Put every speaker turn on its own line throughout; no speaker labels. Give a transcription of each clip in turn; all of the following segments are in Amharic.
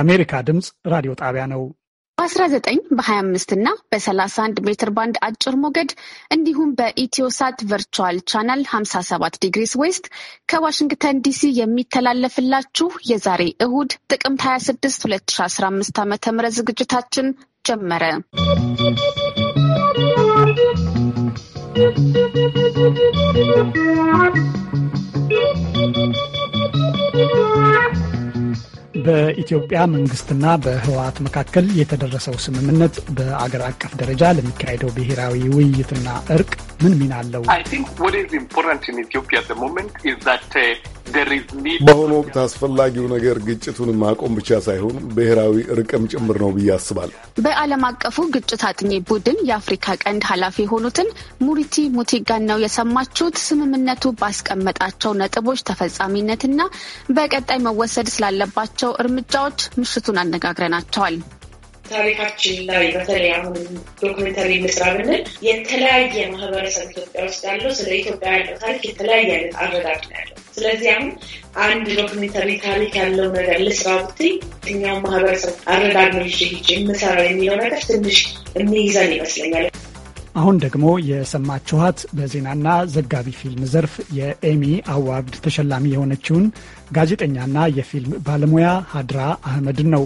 የአሜሪካ ድምፅ ራዲዮ ጣቢያ ነው።
በ19 በ25 እና በ31 ሜትር ባንድ አጭር ሞገድ እንዲሁም በኢትዮሳት ቨርቹዋል ቻናል 57 ዲግሪስ ዌስት ከዋሽንግተን ዲሲ የሚተላለፍላችሁ የዛሬ እሁድ ጥቅምት 26 2015 ም ዝግጅታችን ጀመረ። ¶¶
በኢትዮጵያ መንግስትና በህወሀት መካከል የተደረሰው ስምምነት በአገር አቀፍ ደረጃ
ለሚካሄደው ብሔራዊ ውይይትና
እርቅ ምን ሚና አለው? Uh,
በአሁኑ ወቅት አስፈላጊው ነገር ግጭቱን ማቆም ብቻ ሳይሆን ብሔራዊ እርቅም ጭምር ነው ብዬ አስባለሁ።
በዓለም አቀፉ ግጭት አጥኚ ቡድን የአፍሪካ ቀንድ ኃላፊ የሆኑትን ሙሪቲ ሙቲጋን ነው የሰማችሁት። ስምምነቱ ባስቀመጣቸው ነጥቦች ተፈጻሚነትና በቀጣይ መወሰድ ስላለባቸው ስላቸው እርምጃዎች ምሽቱን አነጋግረናቸዋል።
ታሪካችን ላይ በተለይ አሁን ዶክመንተሪ ምስራ ብንል የተለያየ ማህበረሰብ ኢትዮጵያ ውስጥ ያለው ስለ ኢትዮጵያ ያለው ታሪክ የተለያየ አይነት አረዳድ ያለው። ስለዚህ አሁን አንድ ዶክመንተሪ ታሪክ ያለው ነገር ልስራ ብትይ የትኛውን ማህበረሰብ አረዳድ ነው ይዤ ሂጅ የምሰራው የሚለው ነገር ትንሽ የሚይዘን ይመስለኛል።
አሁን ደግሞ የሰማችኋት በዜናና ዘጋቢ ፊልም ዘርፍ የኤሚ አዋርድ ተሸላሚ የሆነችውን ጋዜጠኛና የፊልም ባለሙያ ሀድራ አህመድን ነው።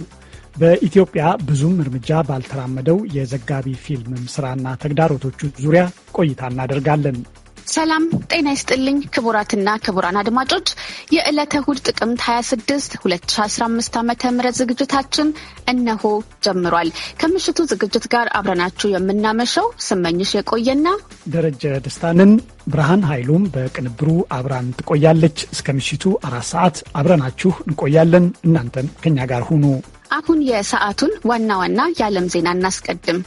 በኢትዮጵያ ብዙም እርምጃ ባልተራመደው የዘጋቢ ፊልም ስራና ተግዳሮቶቹ ዙሪያ ቆይታ እናደርጋለን።
ሰላም ጤና ይስጥልኝ ክቡራትና ክቡራን አድማጮች የዕለተ እሁድ ጥቅምት 26 2015 ዓ ም ዝግጅታችን እነሆ ጀምሯል። ከምሽቱ ዝግጅት ጋር አብረናችሁ የምናመሸው ስመኝሽ የቆየና
ደረጀ ደስታንን፣ ብርሃን ኃይሉም በቅንብሩ አብራን ትቆያለች። እስከ ምሽቱ አራት ሰዓት አብረናችሁ እንቆያለን። እናንተም ከኛ ጋር ሁኑ።
አሁን የሰዓቱን ዋና ዋና የዓለም ዜና እናስቀድም።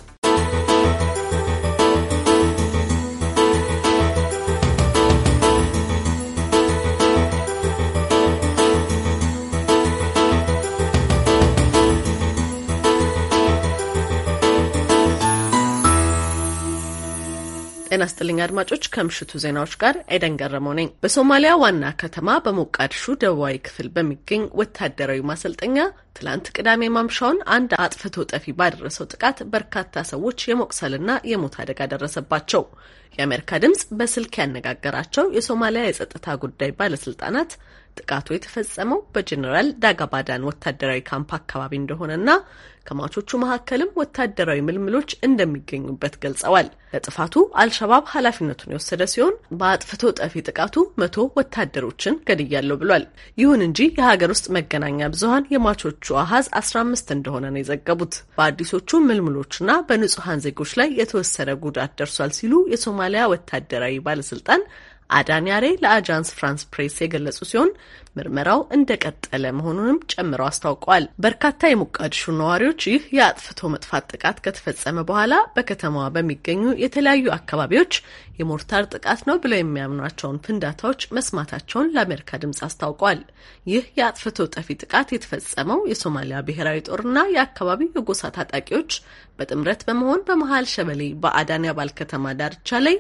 ጤና ስጥልኝ አድማጮች፣ ከምሽቱ ዜናዎች ጋር ኤደን ገረመው ነኝ። በሶማሊያ ዋና ከተማ በሞቃዲሹ ደቡባዊ ክፍል በሚገኝ ወታደራዊ ማሰልጠኛ ትላንት ቅዳሜ ማምሻውን አንድ አጥፍቶ ጠፊ ባደረሰው ጥቃት በርካታ ሰዎች የመቁሰልና የሞት አደጋ ደረሰባቸው። የአሜሪካ ድምጽ በስልክ ያነጋገራቸው የሶማሊያ የጸጥታ ጉዳይ ባለስልጣናት ጥቃቱ የተፈጸመው በጀኔራል ዳጋባዳን ወታደራዊ ካምፕ አካባቢ እንደሆነና ከማቾቹ መካከልም ወታደራዊ ምልምሎች እንደሚገኙበት ገልጸዋል። ለጥፋቱ አልሸባብ ኃላፊነቱን የወሰደ ሲሆን በአጥፍቶ ጠፊ ጥቃቱ መቶ ወታደሮችን ገድያለሁ ብሏል። ይሁን እንጂ የሀገር ውስጥ መገናኛ ብዙሀን የማቾቹ አሀዝ አስራ አምስት እንደሆነ ነው የዘገቡት። በአዲሶቹ ምልምሎችና በንጹሐን ዜጎች ላይ የተወሰነ ጉዳት ደርሷል ሲሉ የሶማሊያ ወታደራዊ ባለስልጣን አዳንያሬ ለአጃንስ ፍራንስ ፕሬስ የገለጹ ሲሆን ምርመራው እንደቀጠለ መሆኑንም ጨምሮ አስታውቋል። በርካታ የሞቃዲሾ ነዋሪዎች ይህ የአጥፍቶ መጥፋት ጥቃት ከተፈጸመ በኋላ በከተማዋ በሚገኙ የተለያዩ አካባቢዎች የሞርታር ጥቃት ነው ብለው የሚያምኗቸውን ፍንዳታዎች መስማታቸውን ለአሜሪካ ድምጽ አስታውቋል። ይህ የአጥፍቶ ጠፊ ጥቃት የተፈጸመው የሶማሊያ ብሔራዊ ጦርና የአካባቢው የጎሳ ታጣቂዎች በጥምረት በመሆን በመሀል ሸበሌ በአዳን ያባል ከተማ ዳርቻ ላይ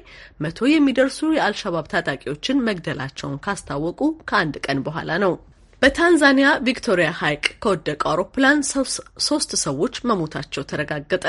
መቶ የሚደርሱ የአልሸባብ ታጣቂዎችን መግደላቸውን ካስታወቁ ከአንድ ቀን በኋላ በኋላ ነው። በታንዛኒያ ቪክቶሪያ ሐይቅ ከወደቀው አውሮፕላን ሶስት ሰዎች መሞታቸው ተረጋገጠ።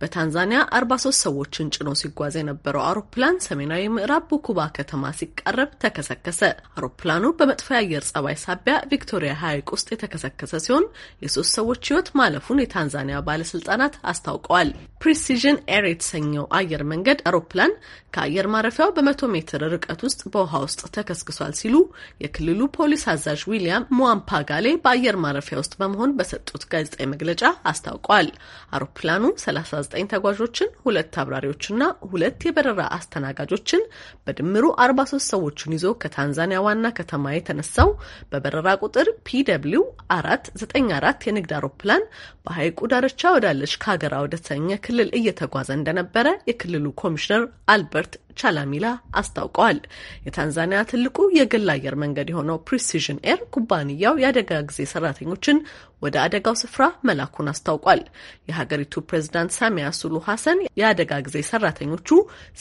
በታንዛኒያ አርባ ሶስት ሰዎችን ጭኖ ሲጓዝ የነበረው አውሮፕላን ሰሜናዊ ምዕራብ ቡኩባ ከተማ ሲቃረብ ተከሰከሰ። አውሮፕላኑ በመጥፎ የአየር ጸባይ ሳቢያ ቪክቶሪያ ሐይቅ ውስጥ የተከሰከሰ ሲሆን የሶስት ሰዎች ሕይወት ማለፉን የታንዛኒያ ባለስልጣናት አስታውቀዋል። ፕሪሲዥን ኤር የተሰኘው አየር መንገድ አውሮፕላን ከአየር ማረፊያው በመቶ ሜትር ርቀት ውስጥ በውሃ ውስጥ ተከስክሷል ሲሉ የክልሉ ፖሊስ አዛዥ ዊሊያም ሙዋምፓጋሌ በአየር ማረፊያ ውስጥ በመሆን በሰጡት ጋዜጣዊ መግለጫ አስታውቋል። አውሮፕላኑ 39 ተጓዦችን፣ ሁለት አብራሪዎችና ሁለት የበረራ አስተናጋጆችን በድምሩ 43 ሰዎችን ይዞ ከታንዛኒያ ዋና ከተማ የተነሳው በበረራ ቁጥር ፒደብሊው 494 የንግድ አውሮፕላን በሐይቁ ዳርቻ ወዳለች ካገራ ወደተሰኘ ክልል እየተጓዘ እንደነበረ የክልሉ ኮሚሽነር አልበርት ቻላሚላ አስታውቀዋል። የታንዛኒያ ትልቁ የግል አየር መንገድ የሆነው ፕሪሲዥን ኤር ኩባንያው የአደጋ ጊዜ ሰራተኞችን ወደ አደጋው ስፍራ መላኩን አስታውቋል። የሀገሪቱ ፕሬዝዳንት ሳሚያ ሱሉ ሀሰን የአደጋ ጊዜ ሰራተኞቹ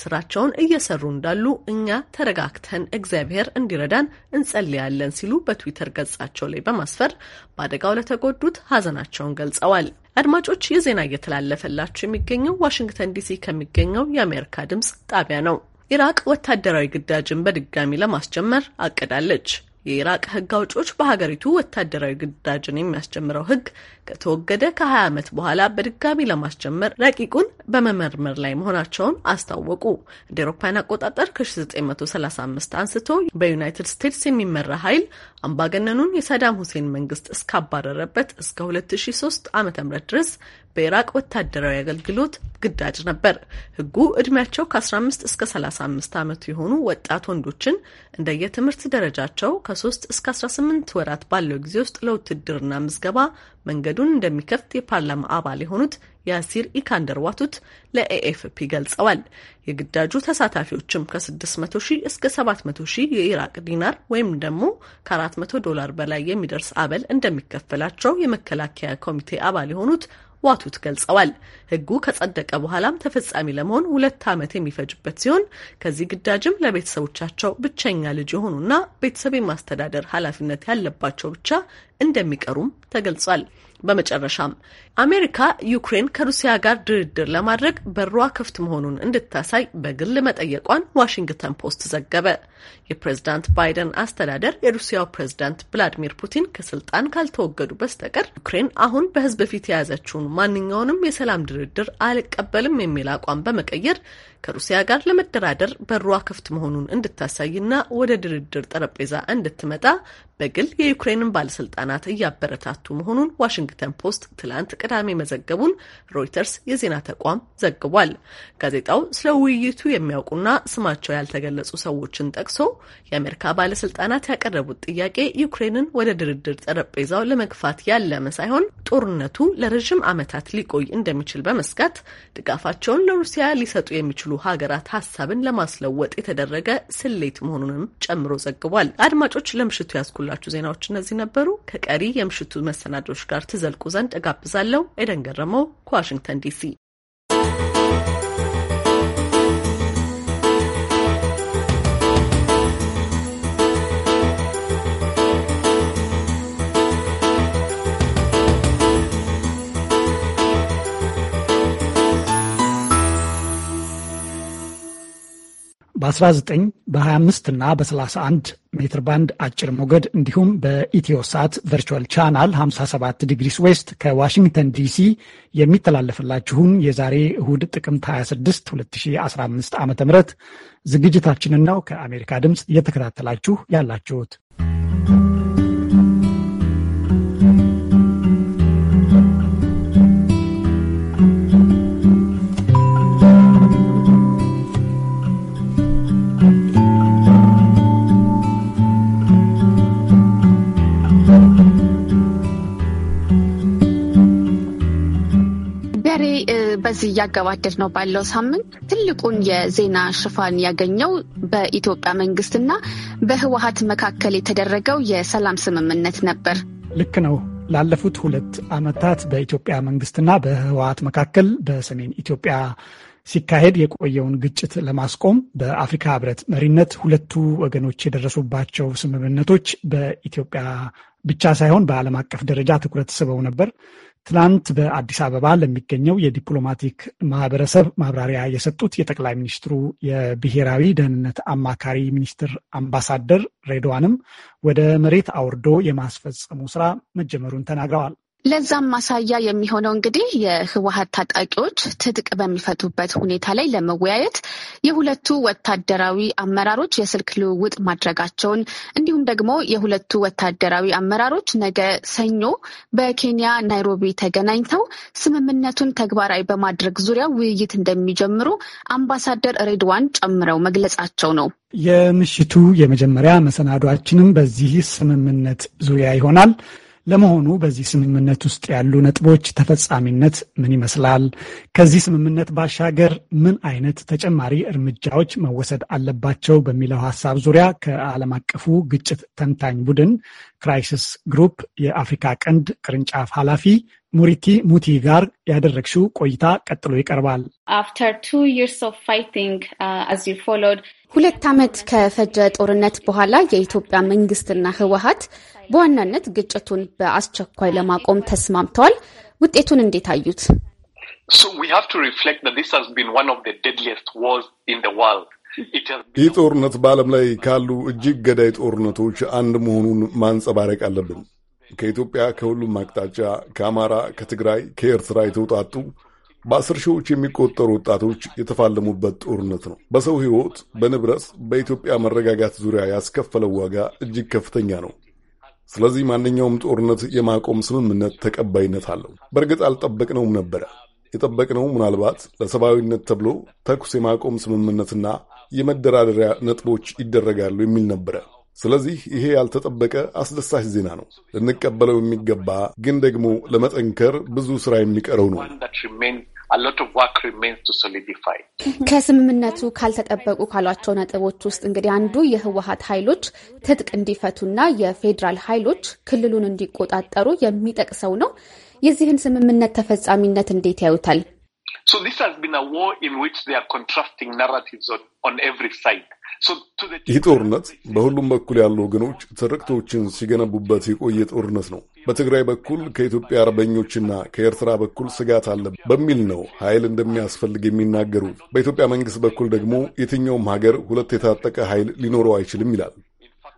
ስራቸውን እየሰሩ እንዳሉ እኛ ተረጋግተን እግዚአብሔር እንዲረዳን እንጸልያለን ሲሉ በትዊተር ገጻቸው ላይ በማስፈር በአደጋው ለተጎዱት ሀዘናቸውን ገልጸዋል። አድማጮች ይህ ዜና እየተላለፈላችሁ የሚገኘው ዋሽንግተን ዲሲ ከሚገኘው የአሜሪካ ድምፅ ጣቢያ ነው። ኢራቅ ወታደራዊ ግዳጅን በድጋሚ ለማስጀመር አቅዳለች። የኢራቅ ህግ አውጪዎች በሀገሪቱ ወታደራዊ ግዳጅን የሚያስጀምረው ህግ ከተወገደ ከ20 ዓመት በኋላ በድጋሚ ለማስጀመር ረቂቁን በመመርመር ላይ መሆናቸውን አስታወቁ። እንደ አውሮፓውያን አቆጣጠር ከ1935 አንስቶ በዩናይትድ ስቴትስ የሚመራ ኃይል አምባገነኑን የሳዳም ሁሴን መንግስት እስካባረረበት እስከ 2003 ዓ.ም ድረስ በኢራቅ ወታደራዊ አገልግሎት ግዳጅ ነበር። ህጉ እድሜያቸው ከ15 እስከ 35 ዓመት የሆኑ ወጣት ወንዶችን እንደየትምህርት ደረጃቸው ከ3 እስከ 18 ወራት ባለው ጊዜ ውስጥ ለውትድርና ምዝገባ መንገዱን እንደሚከፍት የፓርላማ አባል የሆኑት የአሲር ኢካንደር ዋቱት ለኤኤፍፒ ገልጸዋል። የግዳጁ ተሳታፊዎችም ከ600 ሺህ እስከ 700 ሺህ የኢራቅ ዲናር ወይም ደግሞ ከ400 ዶላር በላይ የሚደርስ አበል እንደሚከፈላቸው የመከላከያ ኮሚቴ አባል የሆኑት ዋቱት ገልጸዋል። ህጉ ከጸደቀ በኋላም ተፈጻሚ ለመሆን ሁለት ዓመት የሚፈጅበት ሲሆን ከዚህ ግዳጅም ለቤተሰቦቻቸው ብቸኛ ልጅ የሆኑና ቤተሰብ የማስተዳደር ኃላፊነት ያለባቸው ብቻ እንደሚቀሩም ተገልጿል። በመጨረሻም አሜሪካ ዩክሬን ከሩሲያ ጋር ድርድር ለማድረግ በሯ ክፍት መሆኑን እንድታሳይ በግል መጠየቋን ዋሽንግተን ፖስት ዘገበ። የፕሬዝዳንት ባይደን አስተዳደር የሩሲያው ፕሬዝዳንት ቭላዲሚር ፑቲን ከስልጣን ካልተወገዱ በስተቀር ዩክሬን አሁን በሕዝብ ፊት የያዘችውን ማንኛውንም የሰላም ድርድር አልቀበልም የሚል አቋም በመቀየር ከሩሲያ ጋር ለመደራደር በሯ ክፍት መሆኑን እንድታሳይና ወደ ድርድር ጠረጴዛ እንድትመጣ በግል የዩክሬንን ባለስልጣናት እያበረታቱ መሆኑን ዋሽንግተን ፖስት ትላንት ቅዳሜ መዘገቡን ሮይተርስ የዜና ተቋም ዘግቧል። ጋዜጣው ስለ ውይይቱ የሚያውቁና ስማቸው ያልተገለጹ ሰዎችን ጠቅሶ የአሜሪካ ባለስልጣናት ያቀረቡት ጥያቄ ዩክሬንን ወደ ድርድር ጠረጴዛው ለመግፋት ያለመ ሳይሆን ጦርነቱ ለረዥም ዓመታት ሊቆይ እንደሚችል በመስጋት ድጋፋቸውን ለሩሲያ ሊሰጡ የሚችሉ ሀገራት ሀሳብን ለማስለወጥ የተደረገ ስሌት መሆኑንም ጨምሮ ዘግቧል። አድማጮች ለምሽቱ ያስኩል የያዝኩላችሁ ዜናዎች እነዚህ ነበሩ። ከቀሪ የምሽቱ መሰናዶች ጋር ትዘልቁ ዘንድ እጋብዛለሁ። ኤደን ገረመው ከዋሽንግተን ዲሲ
በ19 በ25 እና በ31 ሜትር ባንድ አጭር ሞገድ እንዲሁም በኢትዮሳት ቨርቹዋል ቻናል 57 ዲግሪስ ዌስት ከዋሽንግተን ዲሲ የሚተላለፍላችሁን የዛሬ እሁድ ጥቅምት 26 2015 ዓ ም ዝግጅታችንን ነው ከአሜሪካ ድምፅ እየተከታተላችሁ ያላችሁት።
ዛሬ በዚህ እያገባደድ ነው ባለው ሳምንት ትልቁን የዜና ሽፋን ያገኘው በኢትዮጵያ መንግስትና በህወሀት መካከል የተደረገው የሰላም ስምምነት ነበር።
ልክ ነው። ላለፉት ሁለት ዓመታት በኢትዮጵያ መንግስትና በህወሀት መካከል በሰሜን ኢትዮጵያ ሲካሄድ የቆየውን ግጭት ለማስቆም በአፍሪካ ህብረት መሪነት ሁለቱ ወገኖች የደረሱባቸው ስምምነቶች በኢትዮጵያ ብቻ ሳይሆን በዓለም አቀፍ ደረጃ ትኩረት ስበው ነበር። ትናንት በአዲስ አበባ ለሚገኘው የዲፕሎማቲክ ማህበረሰብ ማብራሪያ የሰጡት የጠቅላይ ሚኒስትሩ የብሔራዊ ደህንነት አማካሪ ሚኒስትር አምባሳደር ሬድዋንም ወደ መሬት አውርዶ የማስፈጸሙ ስራ መጀመሩን ተናግረዋል።
ለዛም ማሳያ የሚሆነው እንግዲህ የህወሀት ታጣቂዎች ትጥቅ በሚፈቱበት ሁኔታ ላይ ለመወያየት የሁለቱ ወታደራዊ አመራሮች የስልክ ልውውጥ ማድረጋቸውን እንዲሁም ደግሞ የሁለቱ ወታደራዊ አመራሮች ነገ ሰኞ በኬንያ ናይሮቢ ተገናኝተው ስምምነቱን ተግባራዊ በማድረግ ዙሪያ ውይይት እንደሚጀምሩ አምባሳደር ሬድዋን ጨምረው መግለጻቸው ነው።
የምሽቱ የመጀመሪያ መሰናዷችንም በዚህ ስምምነት ዙሪያ ይሆናል። ለመሆኑ በዚህ ስምምነት ውስጥ ያሉ ነጥቦች ተፈጻሚነት ምን ይመስላል? ከዚህ ስምምነት ባሻገር ምን አይነት ተጨማሪ እርምጃዎች መወሰድ አለባቸው? በሚለው ሀሳብ ዙሪያ ከዓለም አቀፉ ግጭት ተንታኝ ቡድን ክራይሲስ ግሩፕ የአፍሪካ ቀንድ ቅርንጫፍ ኃላፊ ሙሪቲ ሙቲ ጋር ያደረግሽው ቆይታ ቀጥሎ ይቀርባል።
uh, ሁለት ዓመት ከፈጀ ጦርነት በኋላ የኢትዮጵያ መንግስትና ህወሀት በዋናነት ግጭቱን በአስቸኳይ ለማቆም ተስማምተዋል።
ውጤቱን እንዴት አዩት? ይህ ጦርነት በዓለም ላይ ካሉ እጅግ ገዳይ ጦርነቶች አንድ መሆኑን ማንጸባረቅ አለብን። ከኢትዮጵያ ከሁሉም አቅጣጫ ከአማራ፣ ከትግራይ፣ ከኤርትራ የተውጣጡ በአስር ሺዎች የሚቆጠሩ ወጣቶች የተፋለሙበት ጦርነት ነው። በሰው ሕይወት፣ በንብረት፣ በኢትዮጵያ መረጋጋት ዙሪያ ያስከፈለው ዋጋ እጅግ ከፍተኛ ነው። ስለዚህ ማንኛውም ጦርነት የማቆም ስምምነት ተቀባይነት አለው። በእርግጥ አልጠበቅነውም ነበረ። የጠበቅነው ምናልባት ለሰብአዊነት ተብሎ ተኩስ የማቆም ስምምነትና የመደራደሪያ ነጥቦች ይደረጋሉ የሚል ነበረ። ስለዚህ ይሄ ያልተጠበቀ አስደሳች ዜና ነው። ልንቀበለው የሚገባ ግን ደግሞ ለመጠንከር ብዙ ስራ የሚቀረው ነው።
ከስምምነቱ ካልተጠበቁ ካሏቸው ነጥቦች ውስጥ እንግዲህ አንዱ የህወሀት ኃይሎች ትጥቅ እንዲፈቱና የፌዴራል ኃይሎች ክልሉን እንዲቆጣጠሩ የሚጠቅሰው ነው። የዚህን ስምምነት ተፈጻሚነት እንዴት ያዩታል?
So this has been a war in which they are contrasting narratives on, on every side. ይህ ጦርነት በሁሉም በኩል ያሉ ወገኖች ትርክቶችን ሲገነቡበት የቆየ ጦርነት ነው። በትግራይ በኩል ከኢትዮጵያ አርበኞችና ከኤርትራ በኩል ስጋት አለ በሚል ነው ኃይል እንደሚያስፈልግ የሚናገሩት። በኢትዮጵያ መንግስት በኩል ደግሞ የትኛውም ሀገር ሁለት የታጠቀ ኃይል ሊኖረው አይችልም ይላል።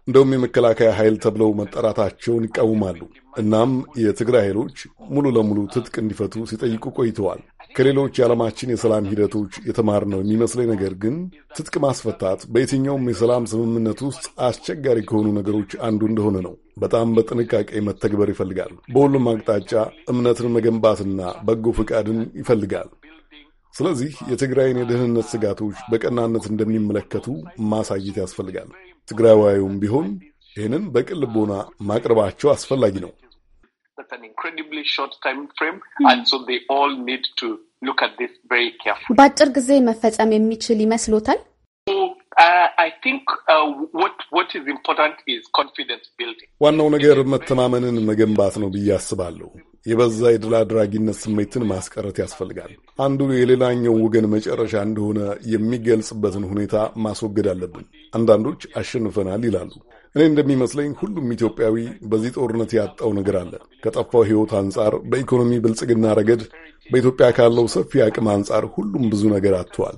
እንደውም የመከላከያ ኃይል ተብለው መጠራታቸውን ይቃውማሉ። እናም የትግራይ ኃይሎች ሙሉ ለሙሉ ትጥቅ እንዲፈቱ ሲጠይቁ ቆይተዋል። ከሌሎች የዓለማችን የሰላም ሂደቶች የተማርነው የሚመስለኝ ነገር ግን ትጥቅ ማስፈታት በየትኛውም የሰላም ስምምነት ውስጥ አስቸጋሪ ከሆኑ ነገሮች አንዱ እንደሆነ ነው። በጣም በጥንቃቄ መተግበር ይፈልጋል። በሁሉም አቅጣጫ እምነትን መገንባትና በጎ ፈቃድን ይፈልጋል። ስለዚህ የትግራይን የደህንነት ስጋቶች በቀናነት እንደሚመለከቱ ማሳየት ያስፈልጋል። ትግራዋዩም ቢሆን ይህንን በቅን ልቦና ማቅረባቸው አስፈላጊ ነው። በአጭር
ጊዜ መፈጸም የሚችል ይመስሎታል?
Uh, uh, ዋናው ነገር መተማመንን መገንባት ነው ብዬ አስባለሁ። የበዛ የድል አድራጊነት ስሜትን ማስቀረት ያስፈልጋል። አንዱ የሌላኛው ወገን መጨረሻ እንደሆነ የሚገልጽበትን ሁኔታ ማስወገድ አለብን። አንዳንዶች አሸንፈናል ይላሉ። እኔ እንደሚመስለኝ ሁሉም ኢትዮጵያዊ በዚህ ጦርነት ያጣው ነገር አለ። ከጠፋው ሕይወት አንጻር፣ በኢኮኖሚ ብልጽግና ረገድ፣ በኢትዮጵያ ካለው ሰፊ አቅም አንጻር ሁሉም ብዙ ነገር አጥተዋል።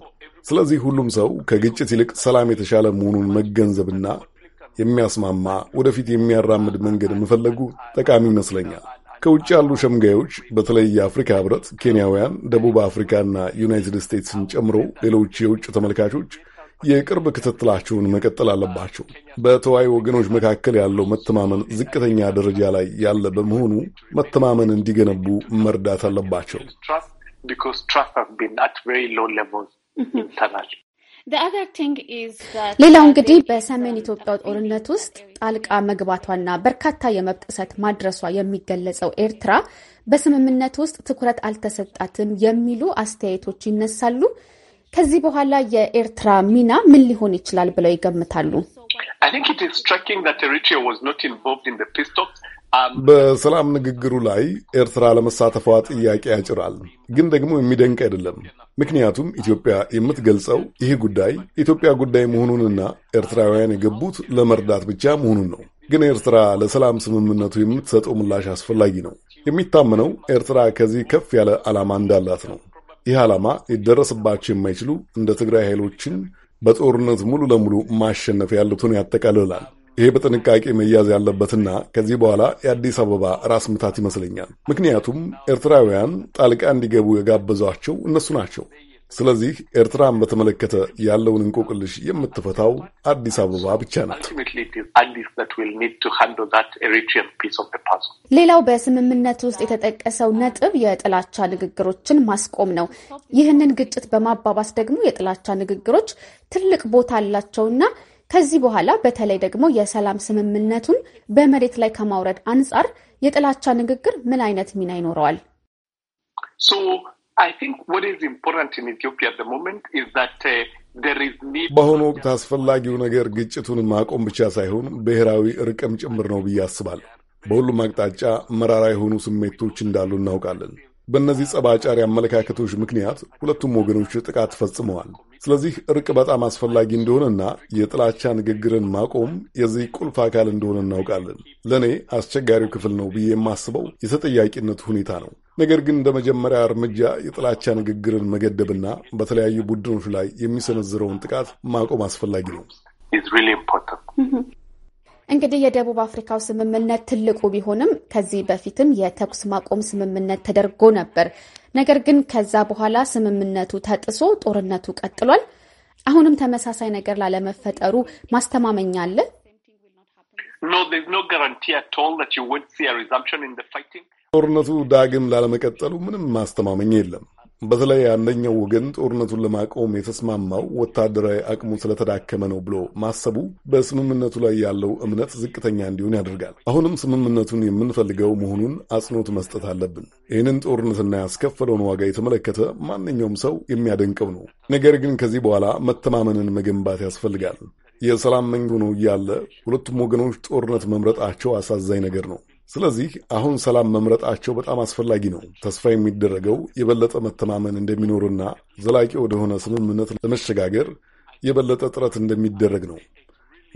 ስለዚህ ሁሉም ሰው ከግጭት ይልቅ ሰላም የተሻለ መሆኑን መገንዘብና የሚያስማማ ወደፊት የሚያራምድ መንገድ መፈለጉ ጠቃሚ ይመስለኛል። ከውጭ ያሉ ሸምጋዮች በተለይ የአፍሪካ ህብረት፣ ኬንያውያን፣ ደቡብ አፍሪካና ዩናይትድ ስቴትስን ጨምሮ ሌሎች የውጭ ተመልካቾች የቅርብ ክትትላቸውን መቀጠል አለባቸው። በተዋይ ወገኖች መካከል ያለው መተማመን ዝቅተኛ ደረጃ ላይ ያለ በመሆኑ መተማመን እንዲገነቡ መርዳት አለባቸው።
ሌላው እንግዲህ በሰሜን um, ኢትዮጵያ ጦርነት ውስጥ ጣልቃ መግባቷና በርካታ የመብት ጥሰት ማድረሷ የሚገለጸው ኤርትራ በስምምነት ውስጥ ትኩረት አልተሰጣትም የሚሉ አስተያየቶች ይነሳሉ። ከዚህ በኋላ የኤርትራ ሚና ምን ሊሆን ይችላል ብለው ይገምታሉ?
Um, በሰላም ንግግሩ ላይ ኤርትራ ለመሳተፏ ጥያቄ ያጭራል፣ ግን ደግሞ የሚደንቅ አይደለም። ምክንያቱም ኢትዮጵያ የምትገልጸው ይህ ጉዳይ የኢትዮጵያ ጉዳይ መሆኑንና ኤርትራውያን የገቡት ለመርዳት ብቻ መሆኑን ነው። ግን ኤርትራ ለሰላም ስምምነቱ የምትሰጠው ምላሽ አስፈላጊ ነው። የሚታመነው ኤርትራ ከዚህ ከፍ ያለ ዓላማ እንዳላት ነው። ይህ ዓላማ ሊደረስባቸው የማይችሉ እንደ ትግራይ ኃይሎችን በጦርነት ሙሉ ለሙሉ ማሸነፍ ያሉትን ያጠቃልላል። ይሄ በጥንቃቄ መያዝ ያለበትና ከዚህ በኋላ የአዲስ አበባ ራስ ምታት ይመስለኛል። ምክንያቱም ኤርትራውያን ጣልቃ እንዲገቡ የጋበዟቸው እነሱ ናቸው። ስለዚህ ኤርትራን በተመለከተ ያለውን እንቆቅልሽ የምትፈታው አዲስ አበባ ብቻ ናት።
ሌላው በስምምነት ውስጥ የተጠቀሰው ነጥብ የጥላቻ ንግግሮችን ማስቆም ነው። ይህንን ግጭት በማባባስ ደግሞ የጥላቻ ንግግሮች ትልቅ ቦታ አላቸውና ከዚህ በኋላ በተለይ ደግሞ የሰላም ስምምነቱን በመሬት ላይ ከማውረድ አንጻር የጥላቻ ንግግር ምን አይነት ሚና ይኖረዋል?
Uh, በአሁኑ ወቅት አስፈላጊው ነገር ግጭቱን ማቆም ብቻ ሳይሆን ብሔራዊ እርቅም ጭምር ነው ብዬ አስባለሁ። በሁሉም አቅጣጫ መራራ የሆኑ ስሜቶች እንዳሉ እናውቃለን። በእነዚህ ጸባጫሪ አመለካከቶች ምክንያት ሁለቱም ወገኖች ጥቃት ፈጽመዋል። ስለዚህ እርቅ በጣም አስፈላጊ እንደሆነና የጥላቻ ንግግርን ማቆም የዚህ ቁልፍ አካል እንደሆነ እናውቃለን። ለእኔ አስቸጋሪው ክፍል ነው ብዬ የማስበው የተጠያቂነት ሁኔታ ነው። ነገር ግን እንደ መጀመሪያ እርምጃ የጥላቻ ንግግርን መገደብና በተለያዩ ቡድኖች ላይ የሚሰነዝረውን ጥቃት ማቆም አስፈላጊ ነው።
እንግዲህ የደቡብ አፍሪካው ስምምነት ትልቁ ቢሆንም ከዚህ በፊትም የተኩስ ማቆም ስምምነት ተደርጎ ነበር። ነገር ግን ከዛ በኋላ ስምምነቱ ተጥሶ ጦርነቱ ቀጥሏል። አሁንም ተመሳሳይ ነገር ላለመፈጠሩ ማስተማመኛ አለ?
ጦርነቱ ዳግም ላለመቀጠሉ ምንም ማስተማመኛ የለም። በተለይ አንደኛው ወገን ጦርነቱን ለማቆም የተስማማው ወታደራዊ አቅሙ ስለተዳከመ ነው ብሎ ማሰቡ በስምምነቱ ላይ ያለው እምነት ዝቅተኛ እንዲሆን ያደርጋል። አሁንም ስምምነቱን የምንፈልገው መሆኑን አጽንኦት መስጠት አለብን። ይህንን ጦርነትና ያስከፈለውን ዋጋ የተመለከተ ማንኛውም ሰው የሚያደንቀው ነው። ነገር ግን ከዚህ በኋላ መተማመንን መገንባት ያስፈልጋል። የሰላም መንግ ነው እያለ ሁለቱም ወገኖች ጦርነት መምረጣቸው አሳዛኝ ነገር ነው። ስለዚህ አሁን ሰላም መምረጣቸው በጣም አስፈላጊ ነው። ተስፋ የሚደረገው የበለጠ መተማመን እንደሚኖርና ዘላቂ ወደሆነ ስምምነት ለመሸጋገር የበለጠ ጥረት እንደሚደረግ ነው።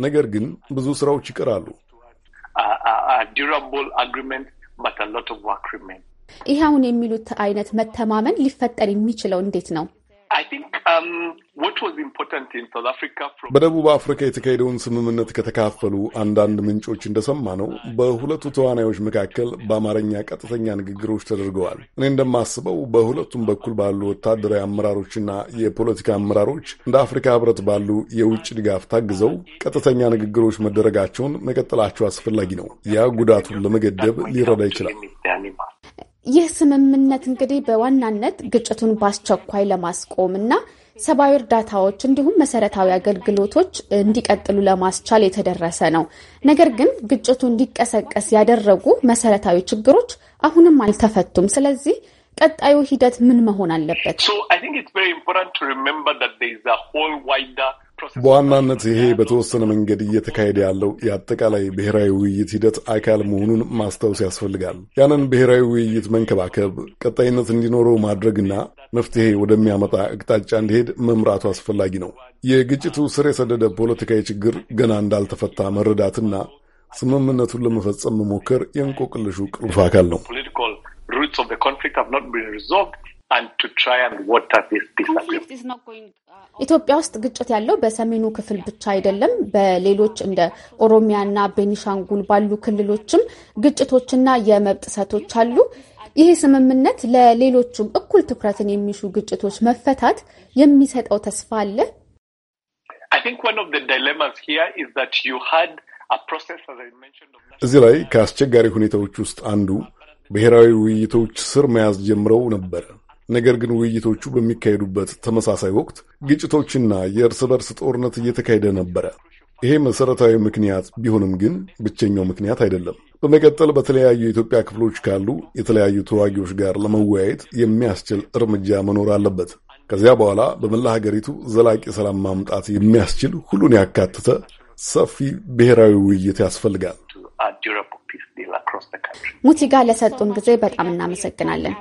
ነገር ግን ብዙ ስራዎች ይቀራሉ።
ይህ አሁን የሚሉት አይነት መተማመን ሊፈጠር የሚችለው እንዴት ነው?
Um, በደቡብ አፍሪካ የተካሄደውን ስምምነት ከተካፈሉ አንዳንድ ምንጮች እንደሰማ ነው በሁለቱ ተዋናዮች መካከል በአማርኛ ቀጥተኛ ንግግሮች ተደርገዋል። እኔ እንደማስበው በሁለቱም በኩል ባሉ ወታደራዊ አመራሮችና የፖለቲካ አመራሮች እንደ አፍሪካ ሕብረት ባሉ የውጭ ድጋፍ ታግዘው ቀጥተኛ ንግግሮች መደረጋቸውን መቀጠላቸው አስፈላጊ ነው። ያ ጉዳቱን ለመገደብ ሊረዳ ይችላል።
ይህ ስምምነት እንግዲህ በዋናነት ግጭቱን በአስቸኳይ ለማስቆም እና ሰብአዊ እርዳታዎች እንዲሁም መሰረታዊ አገልግሎቶች እንዲቀጥሉ ለማስቻል የተደረሰ ነው። ነገር ግን ግጭቱ እንዲቀሰቀስ ያደረጉ መሰረታዊ ችግሮች አሁንም አልተፈቱም። ስለዚህ ቀጣዩ ሂደት ምን መሆን አለበት?
በዋናነት ይሄ በተወሰነ መንገድ እየተካሄደ ያለው የአጠቃላይ ብሔራዊ ውይይት ሂደት አካል መሆኑን ማስታወስ ያስፈልጋል። ያንን ብሔራዊ ውይይት መንከባከብ፣ ቀጣይነት እንዲኖረው ማድረግና መፍትሄ ወደሚያመጣ አቅጣጫ እንዲሄድ መምራቱ አስፈላጊ ነው። የግጭቱ ስር የሰደደ ፖለቲካዊ ችግር ገና እንዳልተፈታ መረዳትና ስምምነቱን ለመፈጸም መሞከር የእንቆቅልሹ ቁልፍ አካል ነው። Uh,
ኢትዮጵያ ውስጥ ግጭት ያለው በሰሜኑ ክፍል ብቻ አይደለም። በሌሎች እንደ ኦሮሚያና ቤኒሻንጉል ባሉ ክልሎችም ግጭቶችና የመብት ጥሰቶች አሉ። ይሄ ስምምነት ለሌሎቹም እኩል ትኩረትን የሚሹ ግጭቶች መፈታት የሚሰጠው ተስፋ
አለ። እዚህ ላይ ከአስቸጋሪ ሁኔታዎች ውስጥ አንዱ ብሔራዊ ውይይቶች ስር መያዝ ጀምረው ነበር። ነገር ግን ውይይቶቹ በሚካሄዱበት ተመሳሳይ ወቅት ግጭቶችና የእርስ በርስ ጦርነት እየተካሄደ ነበረ። ይሄ መሰረታዊ ምክንያት ቢሆንም ግን ብቸኛው ምክንያት አይደለም። በመቀጠል በተለያዩ የኢትዮጵያ ክፍሎች ካሉ የተለያዩ ተዋጊዎች ጋር ለመወያየት የሚያስችል እርምጃ መኖር አለበት። ከዚያ በኋላ በመላ ሀገሪቱ ዘላቂ ሰላም ማምጣት የሚያስችል ሁሉን ያካተተ ሰፊ ብሔራዊ ውይይት ያስፈልጋል።
ሙቲጋ ለሰጡን ጊዜ በጣም እናመሰግናለን።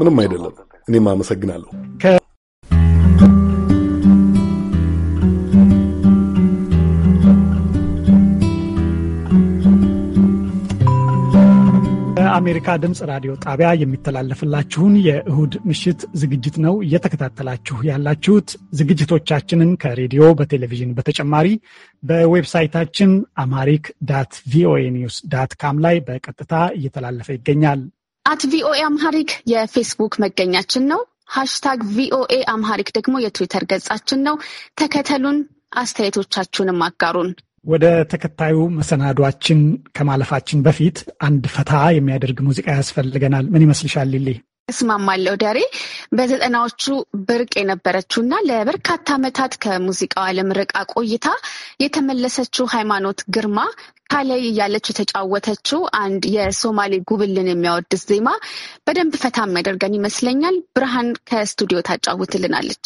ምንም አይደለም። እኔም አመሰግናለሁ።
ከአሜሪካ ድምፅ ራዲዮ ጣቢያ የሚተላለፍላችሁን የእሁድ ምሽት ዝግጅት ነው እየተከታተላችሁ ያላችሁት። ዝግጅቶቻችንን ከሬዲዮ በቴሌቪዥን በተጨማሪ በዌብሳይታችን አማሪክ ዳት ቪኦኤ ኒውስ ዳት ካም ላይ በቀጥታ እየተላለፈ ይገኛል።
አት ቪኦኤ አምሃሪክ የፌስቡክ መገኛችን ነው። ሃሽታግ ቪኦኤ አምሃሪክ ደግሞ የትዊተር ገጻችን ነው። ተከተሉን፣ አስተያየቶቻችሁንም አጋሩን።
ወደ ተከታዩ መሰናዷችን ከማለፋችን በፊት አንድ ፈታ የሚያደርግ ሙዚቃ ያስፈልገናል። ምን ይመስልሻል ሊሊ?
እስማማለሁ ዳሬ። በዘጠናዎቹ ብርቅ የነበረችውና ለበርካታ ዓመታት ከሙዚቃው ዓለም ርቃ ቆይታ የተመለሰችው ሃይማኖት ግርማ ካላይ እያለች የተጫወተችው አንድ የሶማሌ ጉብልን የሚያወድስ ዜማ በደንብ ፈታ የሚያደርገን ይመስለኛል። ብርሃን ከስቱዲዮ ታጫውትልናለች።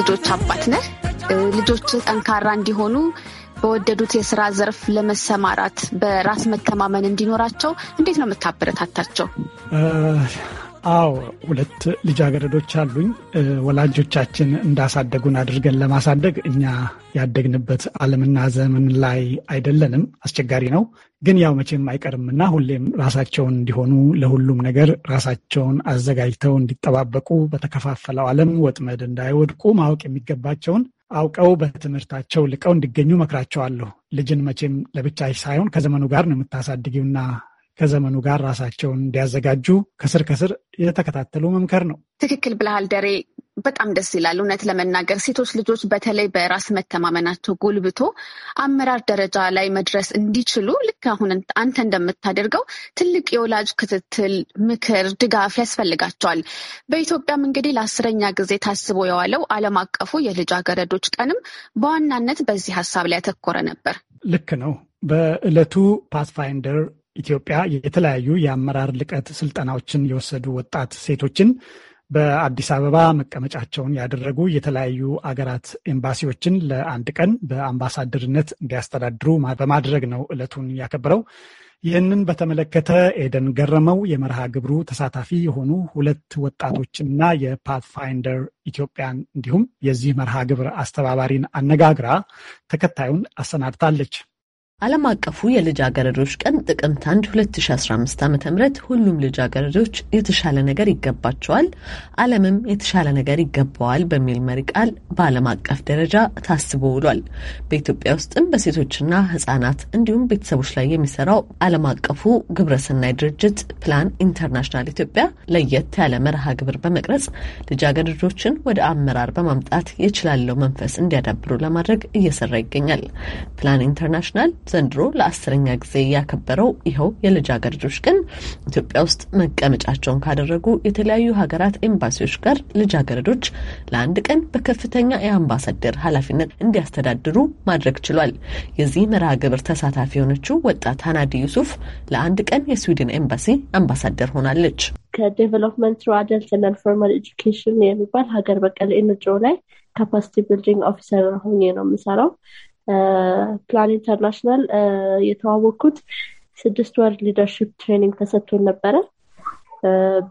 ልጆች አባት ነህ። ልጆች ጠንካራ እንዲሆኑ በወደዱት የስራ ዘርፍ ለመሰማራት በራስ መተማመን እንዲኖራቸው እንዴት ነው የምታበረታታቸው?
አዎ ሁለት ልጃገረዶች አሉኝ። ወላጆቻችን እንዳሳደጉን አድርገን ለማሳደግ እኛ ያደግንበት ዓለምና ዘመን ላይ አይደለንም። አስቸጋሪ ነው፣ ግን ያው መቼም አይቀርምና ሁሌም ራሳቸውን እንዲሆኑ ለሁሉም ነገር ራሳቸውን አዘጋጅተው እንዲጠባበቁ፣ በተከፋፈለው ዓለም ወጥመድ እንዳይወድቁ፣ ማወቅ የሚገባቸውን አውቀው በትምህርታቸው ልቀው እንዲገኙ መክራቸዋለሁ። ልጅን መቼም ለብቻ ሳይሆን ከዘመኑ ጋር ነው የምታሳድጊውና ከዘመኑ ጋር ራሳቸውን እንዲያዘጋጁ ከስር ከስር የተከታተሉ መምከር ነው።
ትክክል ብለሃል ደሬ። በጣም ደስ ይላል። እውነት ለመናገር ሴቶች ልጆች በተለይ በራስ መተማመናቸው ጎልብቶ አመራር ደረጃ ላይ መድረስ እንዲችሉ ልክ አሁን አንተ እንደምታደርገው ትልቅ የወላጅ ክትትል፣ ምክር፣ ድጋፍ ያስፈልጋቸዋል። በኢትዮጵያም እንግዲህ ለአስረኛ ጊዜ ታስቦ የዋለው ዓለም አቀፉ የልጃገረዶች ቀንም በዋናነት በዚህ ሀሳብ ላይ ያተኮረ ነበር።
ልክ ነው። በዕለቱ ፓስፋይንደር ኢትዮጵያ የተለያዩ የአመራር ልቀት ስልጠናዎችን የወሰዱ ወጣት ሴቶችን በአዲስ አበባ መቀመጫቸውን ያደረጉ የተለያዩ አገራት ኤምባሲዎችን ለአንድ ቀን በአምባሳደርነት እንዲያስተዳድሩ በማድረግ ነው ዕለቱን ያከብረው ይህንን በተመለከተ ኤደን ገረመው የመርሃ ግብሩ ተሳታፊ የሆኑ ሁለት ወጣቶችና የፓትፋይንደር ኢትዮጵያን እንዲሁም የዚህ መርሃ ግብር አስተባባሪን አነጋግራ ተከታዩን አሰናድታለች።
ዓለም አቀፉ የልጃገረዶች ቀን ጥቅምት 1 2015 ዓ.ም ሁሉም ልጃገረዶች የተሻለ ነገር ይገባቸዋል፣ ዓለምም የተሻለ ነገር ይገባዋል በሚል መሪ ቃል በዓለም አቀፍ ደረጃ ታስቦ ውሏል። በኢትዮጵያ ውስጥም በሴቶችና ህጻናት እንዲሁም ቤተሰቦች ላይ የሚሰራው ዓለም አቀፉ ግብረሰናይ ድርጅት ፕላን ኢንተርናሽናል ኢትዮጵያ ለየት ያለ መርሃ ግብር በመቅረጽ ልጃገረዶችን ወደ አመራር በማምጣት የችላለው መንፈስ እንዲያዳብሩ ለማድረግ እየሰራ ይገኛል። ፕላን ኢንተርናሽናል ዘንድሮ ለአስረኛ ጊዜ ያከበረው ይኸው የልጃገረዶች ቀን ኢትዮጵያ ውስጥ መቀመጫቸውን ካደረጉ የተለያዩ ሀገራት ኤምባሲዎች ጋር ልጃገረዶች ለአንድ ቀን በከፍተኛ የአምባሳደር ኃላፊነት እንዲያስተዳድሩ ማድረግ ችሏል። የዚህ መርሃ ግብር ተሳታፊ የሆነችው ወጣት ሀናዲ ዩሱፍ ለአንድ ቀን የስዊድን ኤምባሲ አምባሳደር ሆናለች።
ከዴቨሎፕመንት ትሩ አደልት እና ኢንፎርማል ኤጁኬሽን የሚባል ሀገር በቀል ኤንጂኦ ላይ ካፓሲቲ ቢልዲንግ ኦፊሰር ሆኜ ነው የምሰራው። ፕላን ኢንተርናሽናል የተዋወቅኩት ስድስት ወር ሊደርሽፕ ትሬኒንግ ተሰጥቶን ነበረ።